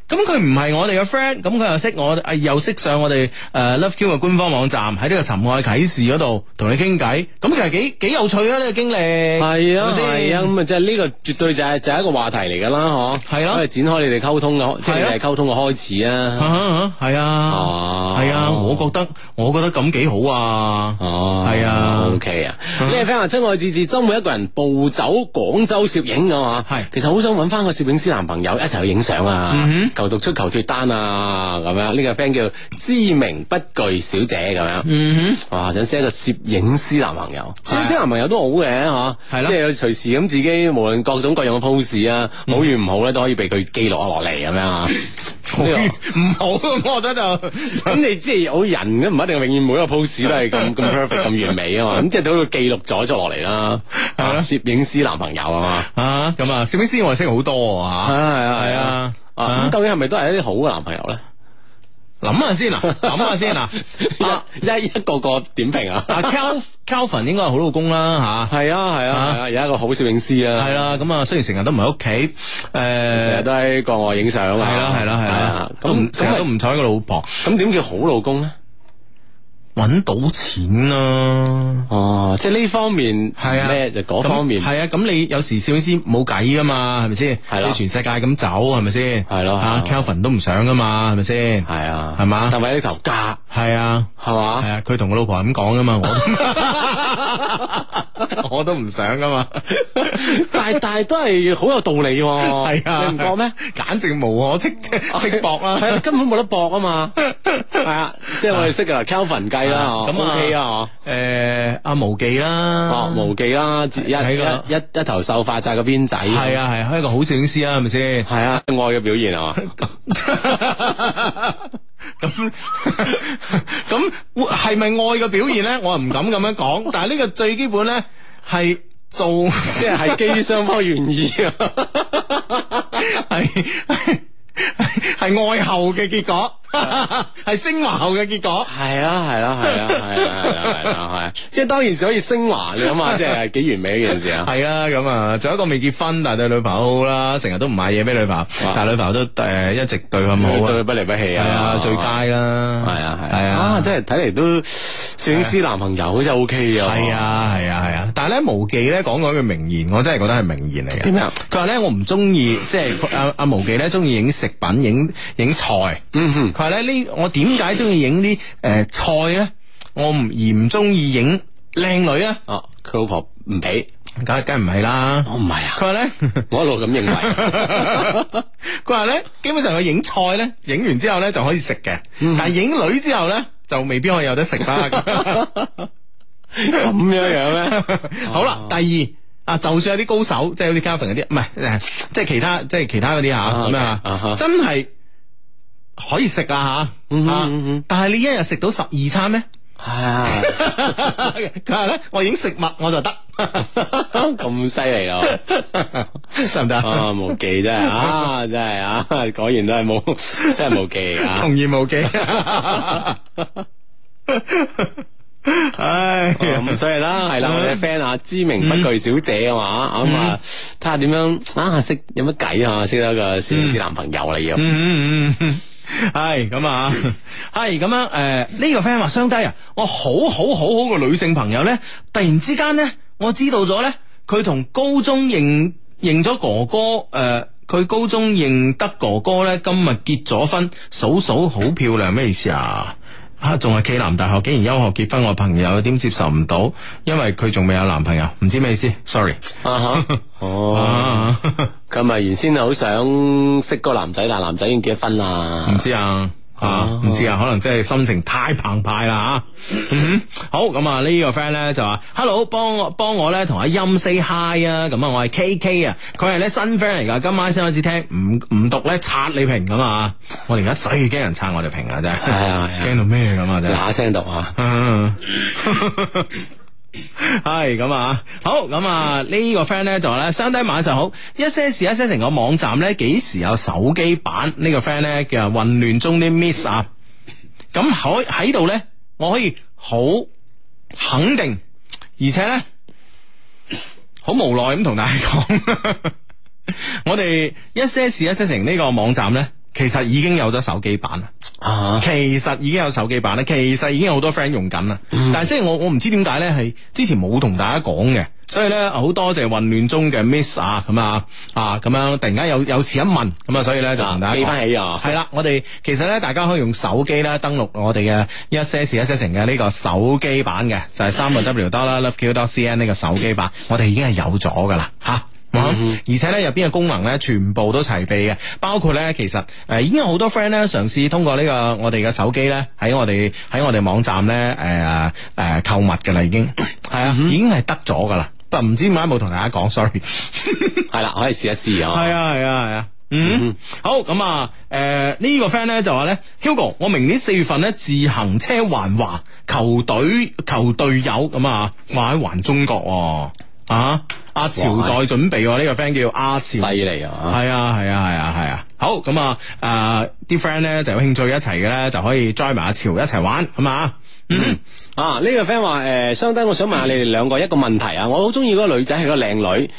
咁佢唔係我哋嘅 friend，咁佢又識我，又識上我哋誒 Love Q 嘅官方網站，喺呢個尋愛啟示嗰度同你傾偈，咁其實幾幾有趣啊呢，這個經歷係啊，係啊，咁啊即係呢個絕對就係、是、就係、是、一個話題嚟噶啦，嗬、啊，係咯、啊，展開你哋溝通嘅，即係溝通嘅開始啊，係啊，係啊，啊，啊，我覺得我覺得咁幾好啊，哦，係啊，O K 啊，呢位 friend 話尋愛字字周末一個人暴走廣州攝影嘅嘛，係、啊，是其實好想揾翻個攝影師男朋友一齊去影相啊，嗯哼求讀出求脫單啊！咁樣呢個 friend 叫知名不具小姐咁樣，mm hmm. 哇！想識一個攝影師男朋友，攝影師男朋友都好嘅吓，係啦是的 Credit，即係隨時咁自己無論各種各樣嘅 pose 啊，好與唔好咧都可以俾佢記錄落嚟咁樣。唔好，我覺得就咁你即係有人咁唔一定永遠每個 pose 都係咁咁 perfect 咁完美啊嘛，咁即係都要記錄咗咗落嚟啦。攝影師男朋友啊嘛，咁啊攝影師我識好多啊，係啊係啊。咁究竟係咪都係一啲好嘅男朋友咧？諗下先啊，諗下先啊，一一個個點評啊。Kel Kelvin 應該係好老公啦吓，係啊係啊，有一個好攝影師啊，係啦。咁啊，雖然成日都唔喺屋企，誒，成日都喺國外影相啊，係啦係啦係啦，咁成日都唔睬個老婆，咁點叫好老公咧？搵到錢啊？哦，即係呢方面係啊，咩就嗰方面係啊。咁你有時攝影師冇計噶嘛，係咪先？喺全世界咁走，係咪先？係咯，Kelvin 都唔想噶嘛，係咪先？係啊，係嘛？但係呢頭價係啊，係嘛？係啊，佢同我老婆咁講噶嘛，我都唔想噶嘛。但係但係都係好有道理喎。係啊，你唔覺咩？簡直無可即即博啊，係根本冇得搏啊嘛。係啊，即係我哋識噶啦，Kelvin 係啦，咁 OK 啊，誒，阿無忌啦，無忌啦，一一一頭秀髮紮個辮仔，係啊係，啊，係一個好攝影師啊，係咪先？係啊，愛嘅表現啊嘛，咁咁係咪愛嘅表現咧？我又唔敢咁樣講，但係呢個最基本咧係做，即係基於雙方願意，啊，係係愛後嘅結果。係升華後嘅結果，係啊係啦係啊，係啊，係啊，係啊，係， *laughs* 即係當然是可以升華你諗下，即係幾完美一件事 *laughs* 啊！係啊咁啊，仲有一個未結婚但係對女朋友好啦、啊，成日都唔買嘢俾女朋友，啊、但係女朋友都誒、呃、一直對佢好，對佢不離不棄啊！係啊,啊，最佳啦，係、哦、啊係啊,啊，啊真係睇嚟都攝影師男朋友好似 OK 啊！係啊係啊係啊，但係咧無忌咧講過一個名言，我真係覺得係名言嚟嘅。點啊？佢話咧我唔中意即係阿阿無忌咧中意影食品影影菜， *laughs* 係咧，呢我點解中意影啲誒菜咧？我唔而唔中意影靚女啊！哦、啊，佢老婆唔俾，梗梗唔係啦。我唔係啊。佢話咧，我一路咁認為。佢話咧，基本上佢影菜咧，影完之後咧就可以食嘅。但係影女之後咧，就未必可以有得食啦。咁、嗯、 *laughs* 樣樣咧。 *laughs* 好啦，哦嗯、第二啊，就算有啲高手，即係啲 Gavin 嗰啲，唔係即係其他，即、就、係、是、其他嗰啲吓咁啊，啊啊真係。 *laughs* 啊可以食、嗯、啊吓，但係你一日食到十二餐咩？係啊，咁啊咧，我已經食物我就得，咁犀利咯，得唔得？無忌真係啊，真係啊，果然都係冇，真係無忌啊，童言無忌。唉，咁所以啦，係啦，我哋嘅 friend 啊，知名不具小姐啊嘛，咁啊、嗯，睇下點樣啊，識有乜計啊，識得個攝影師男朋友嚟嘅。係咁啊，係咁樣誒，呢、呃、 *laughs* 個 friend 話傷低啊，我好好好好個女性朋友咧，突然之間咧，我知道咗咧，佢同高中認認咗哥哥誒，佢、呃、高中認得哥哥咧，今日結咗婚，嫂嫂好漂亮咩意思啊！吓，仲係暨南大學，竟然休學結婚，我朋友點接受唔到？因為佢仲未有男朋友，唔知咩意思？Sorry，啊吓，哦，咁咪原先係好想識個男仔，但男仔已經結婚啦，唔知啊。啊，唔知啊，可能真係心情太澎湃啦吓。啊、 *laughs* 好，咁啊呢個 friend 咧就話，hello，幫我幫我咧同阿音 say hi 啊。咁啊，我係 K K 啊，佢係咧新 friend 嚟噶，今晚先開始聽，唔唔讀咧刷你屏噶嘛。我哋而家最驚人刷我哋屏啊，真 *laughs* 係。係啊係啊。驚到咩咁啊？就嗱聲讀啊。啊啊 *laughs* *laughs* 係咁啊，好咁啊，呢 *music* 個 friend 咧就話咧，兄弟晚上好，一些事一些情個網站咧，幾時有手機版？呢、這個 friend 咧叫混亂中啲 miss 啊，咁可喺度咧，我可以好肯定，而且咧好無奈咁同大家講， *laughs* 我哋一些事一些情呢個網站咧，其實已經有咗手機版啦。啊其，其實已經有手機版咧，其實已經有好多 friend 用緊啦。但係即係我我唔知點解咧係之前冇同大家講嘅，所以咧好多謝混亂中嘅 miss 啊咁啊啊咁樣、啊、突然間有有似一問咁啊，所以咧就唔打記翻起啊。係啦，我哋其實咧大家可以用手機咧登錄我哋嘅一些事一些情嘅呢個手機版嘅，就係 www dot loveq dot cn 呢個手機版，我哋已經係有咗噶啦吓。Mm hmm. 而且咧入邊嘅功能咧，全部都齊備嘅，包括咧，其實誒已經有好多 friend 咧嘗試通過呢個我哋嘅手機咧，喺我哋喺我哋網站咧誒誒購物嘅啦，已經係啊，mm hmm. 已經係得咗噶啦，不唔知點解冇同大家講，sorry，係啦， *laughs* 可以試一試啊，係啊係啊係啊，嗯，好咁啊，誒呢、mm hmm. 呃這個 friend 咧就話咧，Hugo，我明年四月份咧自行車環華球隊球隊友咁啊，話喺環中國。啊！阿、啊、潮在準備呢個 friend 叫阿潮，犀利啊！係哇啊係啊係啊係啊，啊，啊，啊！好咁啊！誒、啊，啲 friend 咧就有興趣一齊嘅咧，就可以 join 埋阿潮一齊玩咁啊！好啊！呢個 friend 話誒，相等我想問下你哋兩個一個問題啊。我好中意嗰個女仔，係個靚女，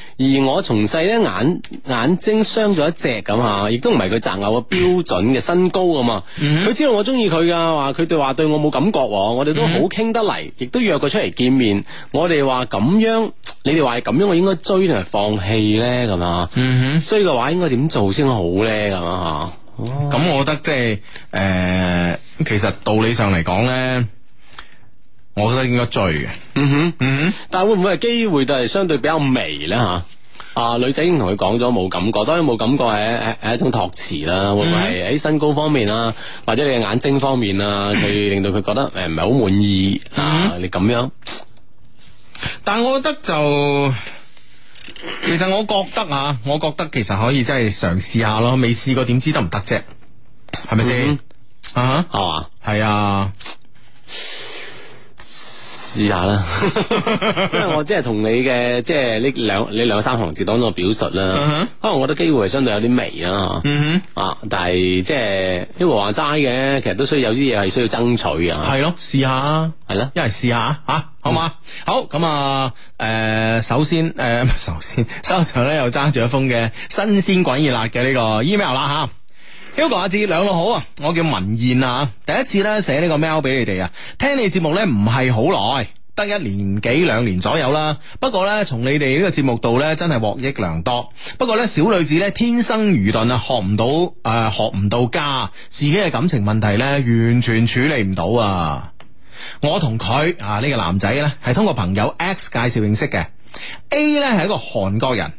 而我從細咧眼眼睛，傷咗一隻咁吓，亦都唔係佢擇偶嘅標準嘅身高咁啊。佢知道我中意佢噶，話佢對話，對我冇感覺，我哋都好傾得嚟，亦都約佢出嚟見面。我哋話咁樣，你哋話咁樣，我應該追定係放棄咧？咁啊？嗯哼，追嘅話應該點做先好咧？咁啊？哦，咁我覺得即係誒，其實道理上嚟講咧。我覺得應該追嘅，嗯哼，嗯哼，但會唔會係機會，但係相對比較微咧吓？啊，女仔已經同佢講咗冇感覺，當然冇感覺係係係一種託辭啦，會唔會喺身高方面啊，或者你嘅眼睛方面啊，佢令到佢覺得誒唔係好滿意，嗯、啊？你咁樣，但我覺得就，其實我覺得啊，我覺得其實可以真係嘗試下咯，未試過點知得唔得啫？係咪先？啊，係嘛？係啊。試下啦， *laughs* *laughs* 即係我即係同你嘅即係呢兩你兩三行字當中嘅表述啦，嗯、哼可能我覺得機會係相對有啲微啊，嗯、哼啊，但係即係都話齋嘅，其實都需要有啲嘢係需要爭取啊。係咯，試下，係啦的，試一齊試下的啊，好嘛？嗯、好，咁啊，誒、呃，首先，誒、呃，首先，手上咧又揸住一封嘅新鮮滾熱辣嘅呢個 email 啦吓。香港阿志兩個好啊，我叫文燕啊，第一次咧寫呢個 mail 俾你哋啊，聽你節目咧唔係好耐，得一年幾兩年左右啦。不過咧從你哋呢個節目度咧真係獲益良多。不過咧小女子咧天生愚鈍啊，學唔到誒，學唔到家，自己嘅感情問題咧完全處理唔到啊。我同佢啊呢個男仔咧係通過朋友 X 介紹認識嘅，A 咧係一個韓國人。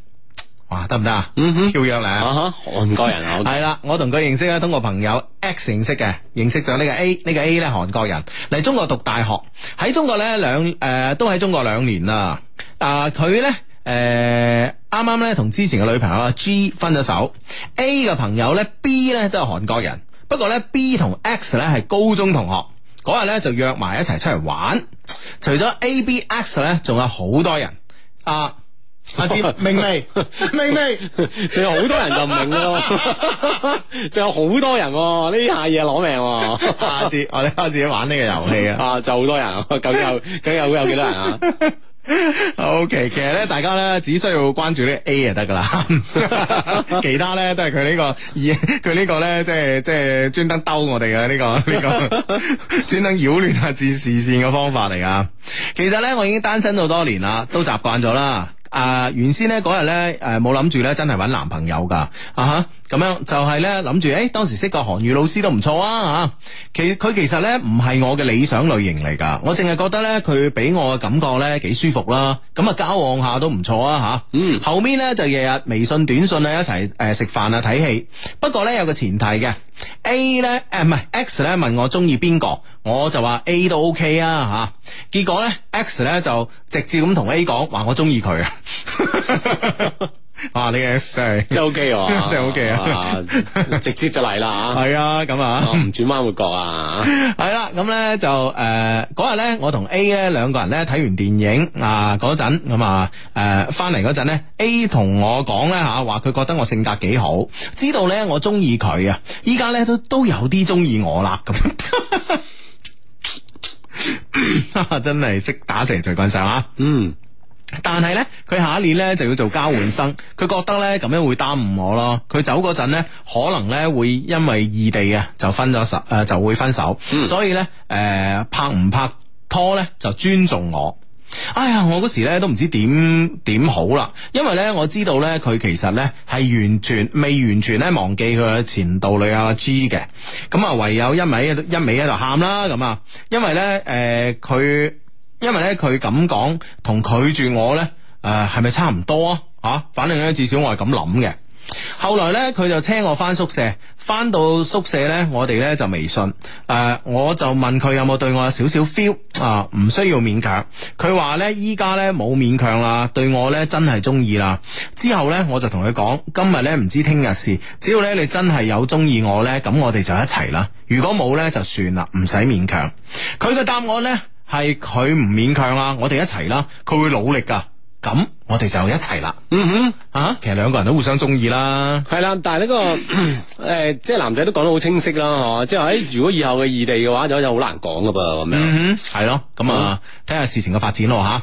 得唔得啊？調約嚟啊！韓國人係啦，我同佢認識咧，通過朋友 X 認識嘅，認識咗呢個 A，呢個 A 咧韓國人嚟中國讀大學，喺中國咧兩誒都喺中國兩年啦。啊、呃，佢咧誒啱啱咧同之前嘅女朋友啊 G 分咗手，A 嘅朋友咧 B 咧都係韓國人，不過咧 B 同 X 咧係高中同學，嗰日咧就約埋一齊出嚟玩。除咗 A、B、X 咧，仲有好多人啊。呃阿志，明未明未？仲有好多人就唔明咯。仲有好多人、哦，呢、哦、下嘢攞命。阿志，我哋開始玩呢個遊戲啊。啊，就好多人，究竟有究竟有幾多人啊？O、okay, K，其實咧，大家咧只需要關注呢 A 就得噶啦。 *laughs* 其他咧都係佢呢個，佢呢個咧，即係即係專登兜我哋嘅呢個呢、這個專登擾亂下視線嘅方法嚟噶。其實咧，我已經單身到多年啦，都習慣咗啦。啊、呃，原先呢嗰日呢，誒冇諗住呢，真係揾男朋友噶，啊吓，咁樣就係呢，諗住，誒、欸、當時識個韓語老師都唔錯啊，吓、啊，其佢其實呢唔係我嘅理想類型嚟噶，我淨係覺得呢，佢俾我嘅感覺呢幾舒服啦，啊，咁啊交往下都唔錯啊吓，啊嗯，後面呢就日日微信短信一、呃、啊一齊，誒食飯啊睇戲，不過呢有個前提嘅。A 咧誒唔係 X 咧問我中意邊個，我就話 A 都 OK 啊吓、啊，結果咧 X 咧就直接咁同 A 講話我中意佢啊。 *laughs* *laughs* 哇！呢個、啊、真係真係 O K，真係 O K 啊！直接就嚟啦吓，係啊咁啊，唔轉彎抹角啊，係啦咁咧就誒嗰日咧，我同 A 咧兩個人咧睇完電影啊嗰陣咁啊誒翻嚟嗰陣咧，A 同我講咧吓，話佢覺得我性格幾好，知道咧我中意佢啊，依家咧都都有啲中意我啦咁，嗯、 *laughs* 真係識打蛇隨棍上啊，嗯。但係呢，佢下一年呢就要做交換生，佢覺得呢，咁樣會耽誤我咯。佢走嗰陣呢，可能呢會因為異地啊，就分咗手，誒，就會分手。嗯、所以呢，誒、呃、拍唔拍拖呢，就尊重我。哎呀，我嗰時呢都唔知點點好啦，因為呢，我知道呢，佢其實呢係完全未完全呢，忘記佢嘅前度女阿 G 嘅。咁啊，唯有因為一味一味喺度喊啦咁啊，因為呢，誒、呃、佢。因為咧佢咁講，同拒絕我呢，誒係咪差唔多啊？反正咧，至少我係咁諗嘅。後來呢，佢就車我翻宿舍，翻到宿舍呢，我哋呢就微信，誒、呃，我就問佢有冇對我有少少 feel 啊、呃？唔需要勉強。佢話呢，依家呢冇勉強啦，對我呢真係中意啦。之後呢，我就同佢講，今日呢唔知聽日事，只要呢你真係有中意我呢，咁我哋就一齊啦。如果冇呢，就算啦，唔使勉強。佢嘅答案呢，係佢唔勉強啊，我哋一齊啦，佢會努力噶，咁。我哋就一齊啦，嗯哼，啊，其實兩個人都互相中意啦，係啦，但係呢、這個誒、 *coughs* 呃，即係男仔都講得好清晰啦，即、啊、係、就是、如果以後嘅異地嘅話，就好難講噶噃，咁樣，嗯哼，係咯麼，咁啊，睇下、嗯、事情嘅發展咯吓，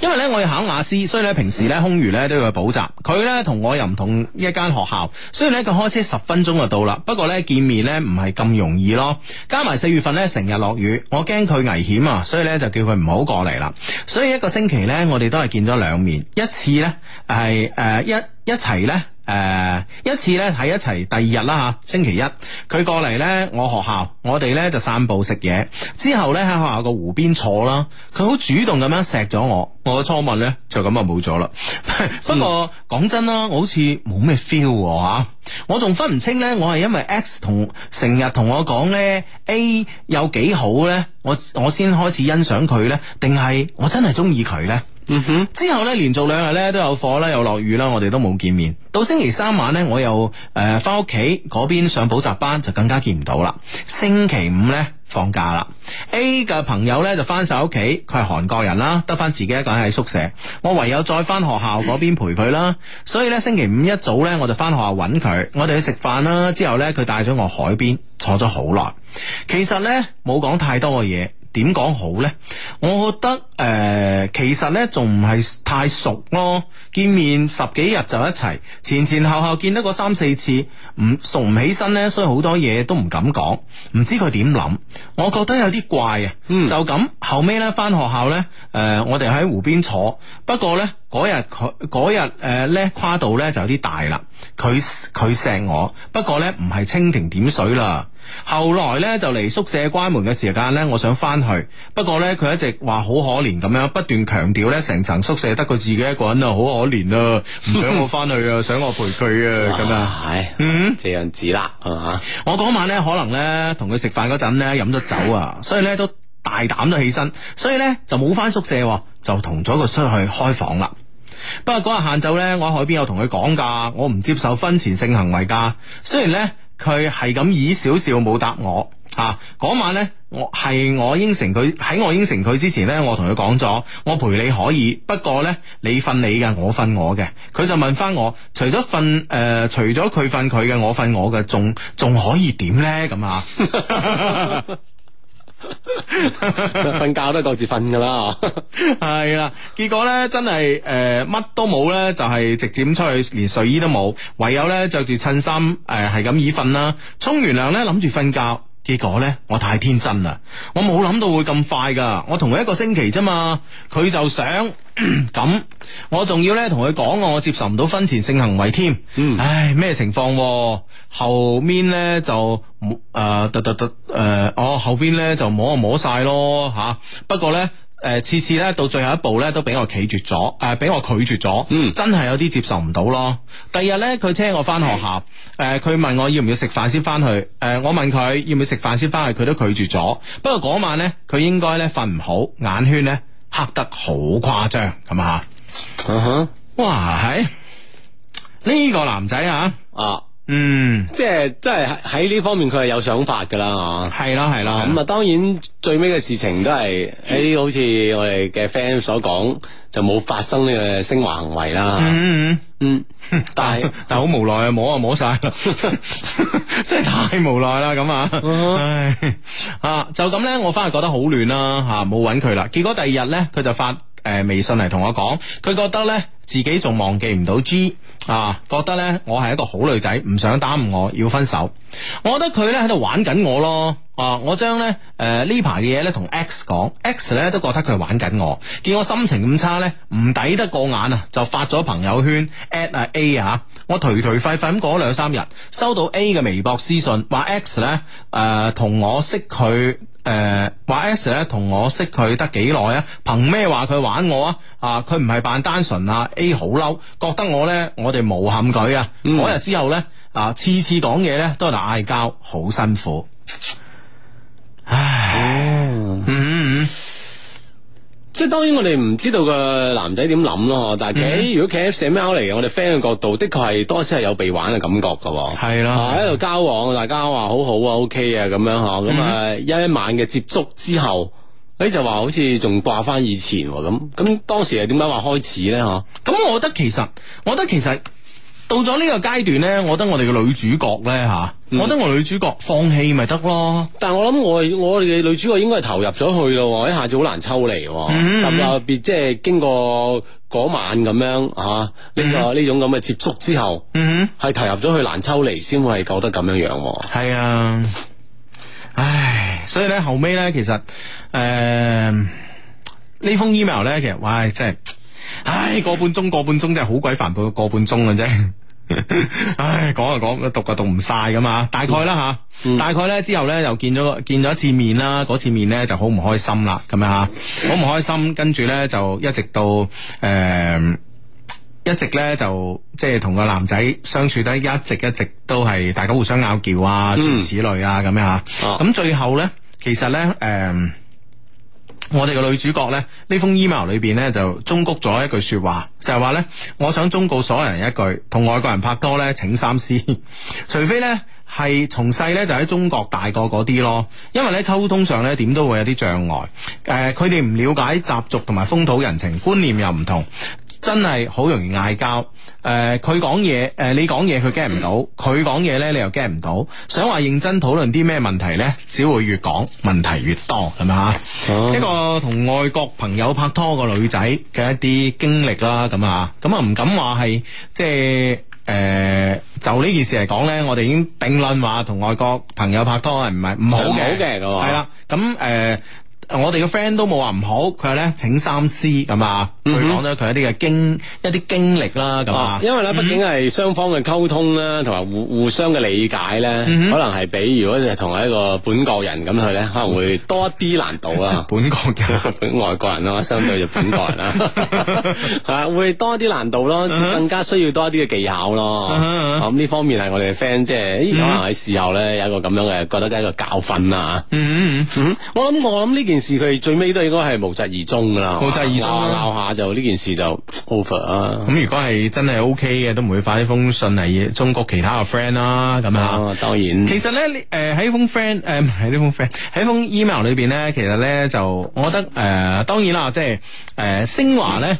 因為咧我要考雅思，所以咧平時咧空餘咧都要去補習，佢咧同我又唔同一間學校，雖然咧佢開車十分鐘就到啦，不過咧見面咧唔係咁容易咯，加埋四月份咧成日落雨，我驚佢危險啊，所以咧就叫佢唔好過嚟啦，所以一個星期咧我哋都係見咗兩面，一。一次呢，係、呃、誒，一一齊咧誒，一次呢，喺一齊第二日啦，吓，星期一佢過嚟呢，我學校我哋呢，就散步食嘢之後呢，喺學校個湖邊坐啦，佢好主動咁樣錫咗我，我嘅初吻呢，就咁就冇咗啦，不過講、嗯、真啦，我好似冇咩 feel 吓，我仲分唔清呢，我係因為 X 同成日同我講呢 A 有幾好呢？我我先開始欣賞佢呢，定係我真係中意佢呢？嗯哼，之後咧連續兩日咧都有火啦，又落雨啦，我哋都冇見面。到星期三晚咧，我又誒翻屋企嗰邊上補習班，就更加見唔到啦。星期五咧放假啦，A 嘅朋友咧就翻晒屋企，佢係韓國人啦，得翻自己一個人喺宿舍，我唯有再翻學校嗰邊陪佢啦。所以咧星期五一早咧我就翻學校揾佢，我哋去食飯啦，之後咧佢帶咗我海邊坐咗好耐，其實咧冇講太多嘅嘢。點講好呢？我覺得誒、呃，其實呢，仲唔係太熟咯。見面十幾日就一齊，前前後後見得個三四次，唔、嗯、熟唔起身呢，所以好多嘢都唔敢講，唔知佢點諗。我覺得有啲怪啊。嗯。就咁後尾呢，翻學校呢，誒、呃，我哋喺湖邊坐。不過呢，嗰日佢嗰日誒呢跨度呢就有啲大啦。佢佢錫我，不過呢，唔係蜻蜓點水啦。後來呢，就嚟宿舍關門嘅時間呢，我想翻去，不過呢，佢一直話好可憐咁樣，不斷強調呢，成層宿舍得佢自己一個人啊，好可憐啊，唔想我翻去啊， *laughs* 想我陪佢啊，咁樣，係，嗯，這樣子啦， *laughs* 我嗰晚呢，可能呢，同佢食飯嗰陣呢，飲咗酒啊，所以呢，都大膽咗起身，所以呢，就冇翻宿舍，就同咗佢出去開房啦。不過嗰日晏晝呢，我喺海邊有同佢講噶，我唔接受婚前性行為噶，雖然呢。佢係咁以少少冇答我，啊，嗰晚呢，我係我應承佢，喺我應承佢之前呢，我同佢講咗，我陪你可以，不過呢，你瞓你嘅，我瞓我嘅。佢就問翻我，除咗瞓誒，除咗佢瞓佢嘅，我瞓我嘅，仲仲可以點呢？咁啊。瞓 *laughs* 覺都各自瞓噶啦，係啦。結果咧真係誒，乜、呃、都冇咧，就係、是、直接咁出去，連睡衣都冇，唯有咧着住襯衫誒，係咁以瞓啦。沖完涼咧，諗住瞓覺。結果咧，我太天真啦，我冇諗到會咁快噶，我同佢一個星期啫嘛，佢就想咁， *coughs* 我仲要咧同佢講我接受唔到婚前性行為添，唉咩情況？後面咧就誒得得得。誒、呃，我、呃哦、後邊咧就摸就摸晒咯吓，不過咧。誒，次次咧到最後一步咧，都俾我拒絕咗，誒、呃，俾我拒絕咗，嗯、真係有啲接受唔到咯。第二日咧，佢車我翻學校，誒、嗯，佢、呃、問我要唔要食飯先翻去，誒、呃，我問佢要唔要食飯先翻去，佢都拒絕咗。不過嗰晚咧，佢應該咧瞓唔好，眼圈咧黑得好誇張，咁嘛？啊、哈哇，係呢、呢個男仔啊！啊！啊嗯，即係即係喺呢方面佢係有想法噶啦，吓，係啦係啦，咁啊當然最尾嘅事情都係，誒好似我哋嘅 friend 所講，就冇發生呢個升華行為啦。嗯嗯但係 *laughs* 但係好無奈啊摸啊摸晒啦， *laughs* 真係太無奈啦咁 *laughs* *laughs* 啊，唉啊就咁咧，我翻去覺得好亂啦吓，冇揾佢啦，結果第二日咧佢就發。誒、呃，微信嚟同我講，佢覺得呢，自己仲忘記唔到 G 啊，覺得呢，我係一個好女仔，唔想耽誤，我要分手。我覺得佢呢，喺度玩緊我咯啊！我將呢，誒呢排嘅嘢呢，同 X 講，X 呢，都覺得佢玩緊我，見我心情咁差呢，唔抵得過眼啊，就發咗朋友圈 at 啊 A, A 啊，我頹頹廢廢咁過咗兩三日，收到 A 嘅微博私信，話 X 呢，誒、呃、同我識佢。誒，話 S 咧同、呃、我識佢得幾耐啊？憑咩話佢玩我啊？啊，佢唔係扮單純啊！A 好嬲，覺得我咧，我哋無憾佢啊！嗯、嗰日之後咧，啊，次次講嘢咧都係嗌交，好辛苦，唉。唉即係當然我哋唔知道個男仔點諗咯，但係企，mm hmm. 如果 K F 四 M L 嚟嘅，我哋 friend 嘅角度的確係多時係有被玩嘅感覺嘅，係啦的，喺度、啊、交往，大家話好好啊，OK 啊，咁樣吓，咁啊、mm hmm. 一,一晚嘅接觸之後，你就話好似仲掛翻以前咁，咁當時係點解話開始咧？嗬，咁我覺得其實，我覺得其實。到咗呢個階段咧，我覺得我哋嘅女主角咧吓，啊嗯、我覺得我女主角放棄咪得咯。但係我諗我我哋嘅女主角應該係投入咗去咯，一下子好難抽離。特別即係經過嗰晚咁樣吓，呢、啊這個呢、嗯嗯、種咁嘅接觸之後，係、嗯嗯、投入咗去難抽離，先會係覺得咁樣樣。係啊，唉，所以咧後尾咧，其實誒、呃、呢封 email 咧，其實哇，真係唉，個半鐘個半鐘真係好鬼煩，個個半鐘嘅啫。 *laughs* 唉，講就講，讀就讀唔晒咁嘛，大概啦吓，嗯、大概咧之後咧又見咗見咗一次面啦，嗰次面咧就好唔開心啦，咁樣吓，好唔開心，跟住咧就一直到誒、呃，一直咧就即係同個男仔相處得一直一直都係大家互相拗撬啊，諸如此類啊，咁樣吓，咁、嗯啊、最後咧其實咧誒。呃我哋嘅女主角咧，呢封 email 裏邊咧就忠告咗一句說話，就係話咧，我想忠告所有人一句，同外國人拍拖咧，請三思，除非咧。係從細咧就喺中國大個嗰啲咯，因為咧溝通上咧點都會有啲障礙。誒、呃，佢哋唔了解習俗同埋風土人情，觀念又唔同，真係好容易嗌交。誒、呃，佢講嘢，誒、呃，你講嘢佢 get 唔到，佢講嘢咧你又 get 唔到。想話認真討論啲咩問題咧，只會越講問題越多，咁樣吓，嗯、一個同外國朋友拍拖個女仔嘅一啲經歷啦，咁啊，咁啊唔敢話係即係。誒、呃，就呢件事嚟講咧，我哋已經定論話同外國朋友拍拖係唔係唔好嘅，係啦的。咁誒吧。我哋嘅 friend 都冇話唔好，佢話咧，請三思咁啊。佢講咗佢一啲嘅經一啲經歷啦，咁啊。因為咧，畢竟係雙方嘅溝通啦，同埋互互相嘅理解咧，可能係比如果係同一個本國人咁去咧，可能會多一啲難度啊。本國人，外國人啦，相對日本國人啦，係啊，會多一啲難度咯，更加需要多一啲嘅技巧咯。咁呢方面係我哋嘅 friend 即係，可能喺事後咧有一個咁樣嘅，覺得一個教訓啊，嗯嗯嗯，我諗我諗呢件事佢最尾都應該係無疾而終噶啦，無疾而終鬧下就呢件事就 over 啊。咁如果係真係 OK 嘅，都唔會發呢封信嚟中國其他嘅 friend 啦。咁啊，哦、那當然。其實咧，誒、呃、喺封 friend，誒，唔係喺呢封 friend 喺封 email 裏邊咧，其實咧就我覺得誒、呃，當然啦，即係誒，升華咧。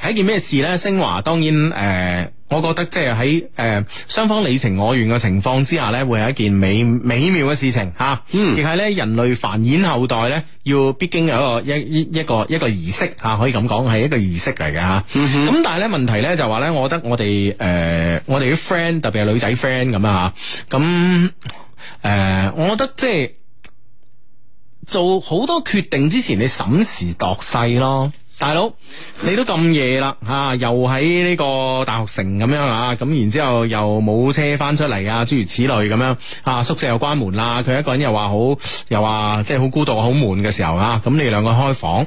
係一件咩事呢？升華當然，誒、呃，我覺得即係喺誒雙方你情我願嘅情況之下呢會係一件美美妙嘅事情吓，亦係咧人類繁衍後代呢，要必經有一個一一個一個儀式吓、啊，可以咁講係一個儀式嚟嘅吓。咁、啊 mm hmm. 但係呢，問題呢就話呢，我覺得我哋誒、呃、我哋啲 friend，特別係女仔 friend 咁啊吓，咁、啊、誒，我覺得即係做好多決定之前，你審時度勢咯。大佬，你都咁夜啦，吓、啊、又喺呢個大學城咁樣啊，咁然之後又冇車翻出嚟啊，諸如此類咁樣啊，宿舍又關門啦，佢、啊、一個人又話好，又話即係好孤獨好悶嘅時候啊，咁你哋兩個開房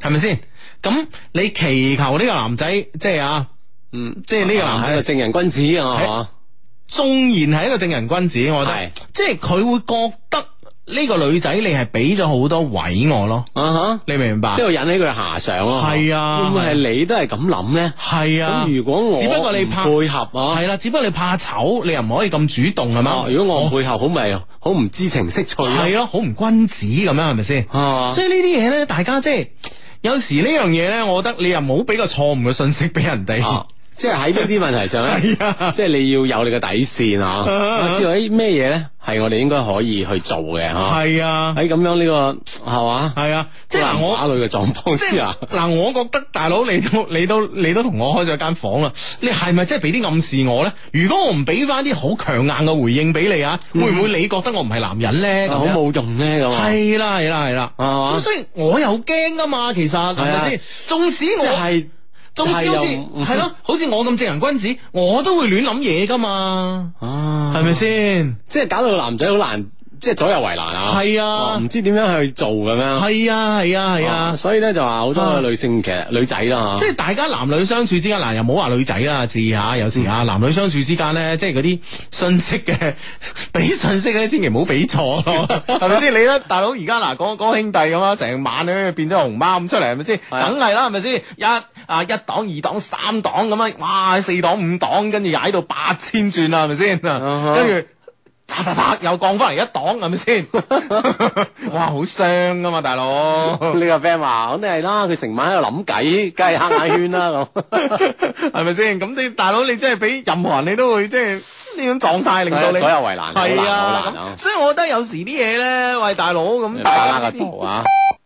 係咪先？咁你祈求呢個男仔即係啊，嗯，即係呢個男仔係一個正人君子啊係嘛，縱然係一個正人君子，我覺得即係佢會覺得。呢個女仔你係俾咗好多位我咯，啊哈，你明唔明白？即係引起佢遐想咯。係啊，會唔會係你都係咁諗咧？係啊。咁如果我只不過你怕配合啊，係啦，只不過你怕醜，你又唔可以咁主動係嘛？如果我配合，好咪好唔知情識趣係咯，好唔君子咁樣係咪先？所以呢啲嘢咧，大家即係有時呢樣嘢咧，我覺得你又冇俾個錯誤嘅信息俾人哋。即係喺呢啲問題上咧，即係你要有你嘅底線啊！我知道啲咩嘢咧係我哋應該可以去做嘅吓。係啊，喺咁樣呢個係嘛？係啊，即係嗱我哪類嘅狀況之下？嗱，我覺得大佬你都你都你都同我開咗間房啦，你係咪即係俾啲暗示我咧？如果我唔俾翻啲好強硬嘅回應俾你啊，會唔會你覺得我唔係男人咧？好冇用咧咁啊！係啦係啦係啦，係嘛？咁所以我又驚噶嘛，其實係咪先？縱使我。仲好似係咯，好似我咁正人君子，我都會亂諗嘢噶嘛，啊，係咪先？即係搞到個男仔好難。即係左右為難啊！係是啊、哦，唔知點樣去做嘅咩？係啊，係啊，係啊、哦！所以咧就話好多女性嘅、啊、女，女仔啦、啊、即係大家男女相處之間，嗱、呃、又唔好話女仔啦，注意吓，有時啊男女相處之間咧，即係嗰啲信息嘅俾 *laughs* 信息咧，千祈唔好俾錯咯，係咪先？你咧大佬而家嗱，嗰嗰、那個、兄弟咁是啊，啊，成晚咧變咗熊貓咁出嚟，係咪先？梗係啦，係咪先？一啊一檔、二檔、三檔咁啊，哇四檔、五檔，跟住踩到八千轉啊，係咪先？跟住。啪啪啪，又降翻嚟一檔，係咪先？ *laughs* 哇，好傷噶嘛，大佬！呢個 friend 話：，咁你係啦，佢成晚喺度諗計，梗係黑眼圈啦、啊，咁係咪先？咁你大佬，你真係俾任何人，你都會即係呢種狀態，令到你左右為難，係啊，所以我覺得有時啲嘢咧，喂，大佬咁。大啊！ *laughs*